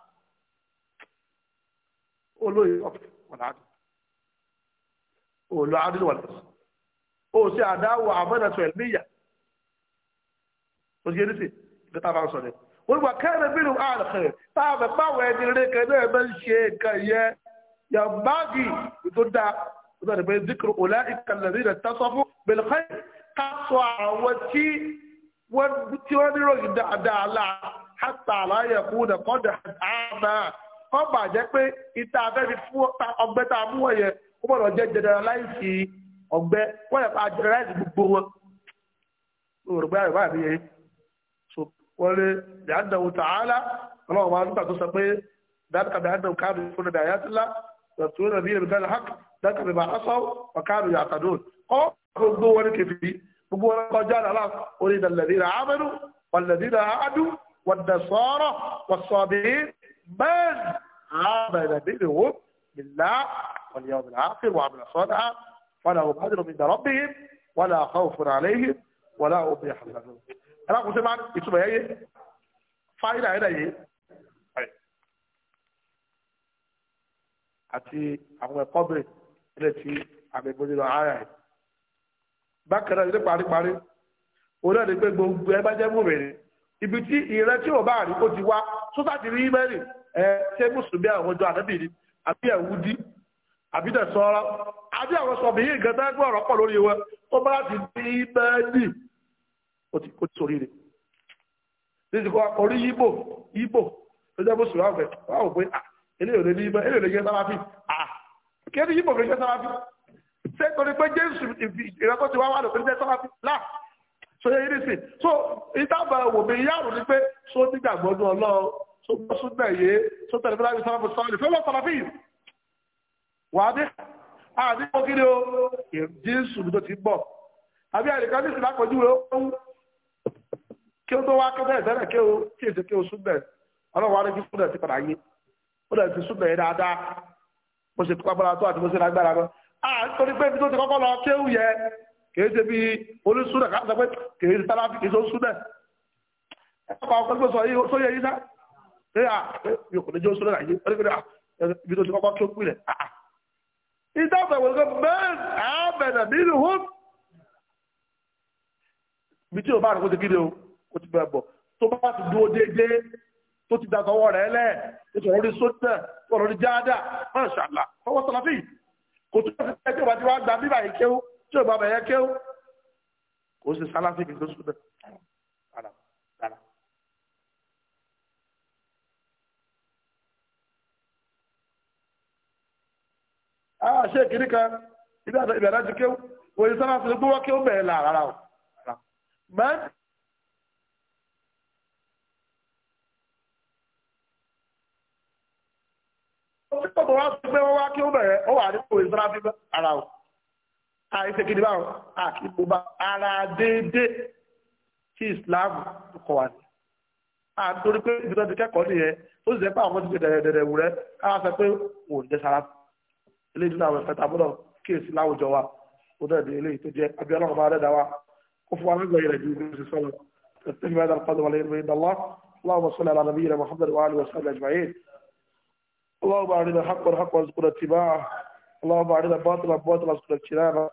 قولوا يقفل والعدل قولوا عدل والقسم او سي عداوة عبادة علمية وزيادتي بطبع صلى ويقول كان منهم أعلى خير طبعا ما وعدين لك أنا من شيك يا يا باقي يقول دا يقول دا ذكر أولئك الذين اتصفوا بالخير قصوا عوتي وانتوان رجل دا, دا حتى لا يكون قد عامة kọ́ bàjẹ́ pé ìta abẹ́fi fún ọgbẹ́ tá a mú wọ̀nyẹ kó bọ̀dọ̀ jẹ́ jẹnẹraláìsì ọgbẹ́ wọ́n yẹ ká jẹnẹraláìsì gbogbo wọn. ló rò báyìí báyìí yẹn so wọ́n lé dàdàwò tààlà ọlọ́wọ́ máa nígbà tó sọ pé dáàbìkà bí àdàwò fún ẹ̀dà àyàtìlá lọ́tún rẹ̀ bí ẹ̀dà hàk dáàbìkà bí màásọ̀ ọ̀káàdùn yàtàdùn kọ́ gbogbo wọn kẹfì gbogbo wọn kọjá àlá orí ìdàlẹ́dì rà ámẹ́nu wàlẹ́dì wàdàsọ́rọ̀ wàsọ̀bìrín من عمل منهم بالله واليوم الآخر وعمل صالحا فلهم أجر من ربهم ولا خوف عليهم ولا هم يحزنون أنا أقول سمعا يتبع إيه فايدة هنا إيه àti àwọn ẹ̀kọ́ bẹ̀rẹ̀ ilé ti àgbègbè بكرة ara باري باري ولا ní paríparí òun náà ní pé ibi tí ìrẹ́ tí ò bá rí ó ti wá tó bá ti rí mẹ́rì ẹ ṣé mùsùlùmí àwọn ọjọ́ àdẹ́bì ni àbí ẹ̀wúdí àbí tẹ̀sọ́rọ́ àbí àwọn sọ̀bì yìí nǹkan tẹ́gbọ́n ọ̀rọ̀ pọ̀ lórí wọn tó bá ti rí mẹ́rì ó ti sórí rẹ̀ nítorí kọ́ orí yíbò yíbò tó jẹ́ mùsùlùmí àwọn ọ̀fẹ́ wà ó pé ah, eléyìí ò lè ní ibẹ̀ eléyìí ò lè yẹ sáláfì ah, kéde yíbò lè yẹ sáláfì ṣé torí pé jésù ìrẹ́kọ́ ti wá wà lópin jẹ́ sáláfì láà so yẹ yìí sì so ìtàbà wò mí yàrá ni pé so nígbàgbọ́ ní ọlọ́ọ̀ so gbọ́ súnmọ́ ẹ̀yẹ so tẹ̀lé bí láti sọ́nà sọ́nà ìfẹ́ wọ́n sọ̀rọ̀ wà á dé àdé kó o jésù ló ti bọ̀ àbí àyíká ní ìsìn lápọ̀jú rẹ̀ ó kí ó tó wá kí ó kí ó kí èsì kí ó súnmọ́ ẹ̀ ọlọ́wọ́ á rẹ́jú fúnlẹ̀ ti padà yé ó dẹ̀ ti súnmọ́ ẹ̀ dáadáa mo ṣe kó agbára tó àti mo ṣe lágbára lọ kìí ṣe bí olùsúdà ká sọ pé kìí ṣe tálábì kìí ṣe olùsúdà ẹ̀ka ọkọ̀ tó sọ yìí sóyè yìí sá ṣé à yóò kò ní jẹ́ olùsúdà yìí wọ́n ní ibi tó ti kọ́kọ́ tó pìlẹ̀ àà ìdáàbò ìwé ló bẹ́ẹ̀ àbẹ̀nà nínú hóm ibi tí o bá rẹ̀ kó ti kí ni o kó ti bẹ̀ bọ̀ tó bá ti dúró déédéé tó ti dàtọwọ́ rẹ̀ lẹ̀ tó tó tí ò bá bẹ̀yẹ kéwù kò sí sálásí kìí tó sùn náà rárá rárá. a ṣe kiri kan ibi àti ibi àti kéwù kò sí sálásí kìí gbówó kéwù bẹ̀rẹ̀ là rárá o rárá. Ọ̀sẹ̀ tó bọ̀ wá sí pé wọ́n wá kí bẹ̀rẹ̀ ó wà nípò ìsára fífẹ́ ara o àìsè kìdí báwọn àkìbò bá ara déédéé tí Islam kọ wá ní. àtòrí pé ibi tó ti kẹ́kọ̀ọ́ nìyẹn ó sì jẹ́ pé àwọn ti fi dẹ̀rẹ̀dẹ̀rẹ̀ wù rẹ́ káwá sọ pé wò ó jẹ́ sara eléyìí nínú àwọn ìfẹ́ tàbọ̀dọ̀ kíyèsí láwùjọ wa ó náà di eléyìí tó jẹ́ abiola ọba adẹ́dá wa ó fún wa nígbà yẹrẹ ju ibi tó sọ̀rọ̀ tẹ̀síwájú bá dàrú fọdọ̀ wà lẹ́yìn lóyún dàlá اللهم صل على نبينا محمد وعلى وسلم اجمعين اللهم ارنا حقا حقا وارزقنا اتباعه اللهم ارنا باطلا باطلا وارزقنا اجتنابه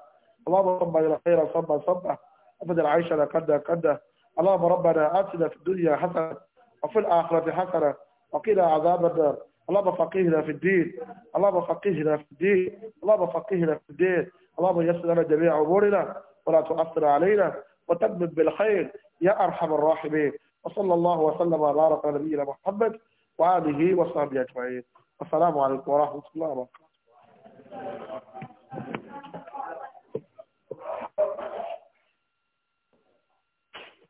اللهم صب إلى خير صب صب أبدا العيش لقد قد اللهم ربنا آتنا في الدنيا حسنة وفي الآخرة حسنة وقنا عذاب النار اللهم فقهنا في الدين اللهم فقهنا في الدين اللهم فقهنا في الدين اللهم يسر لنا جميع أمورنا ولا تؤثر علينا وتدمن بالخير يا أرحم الراحمين وصلى الله وسلم وبارك على نبينا محمد وآله وصحبه أجمعين والسلام عليكم ورحمة الله وبركاته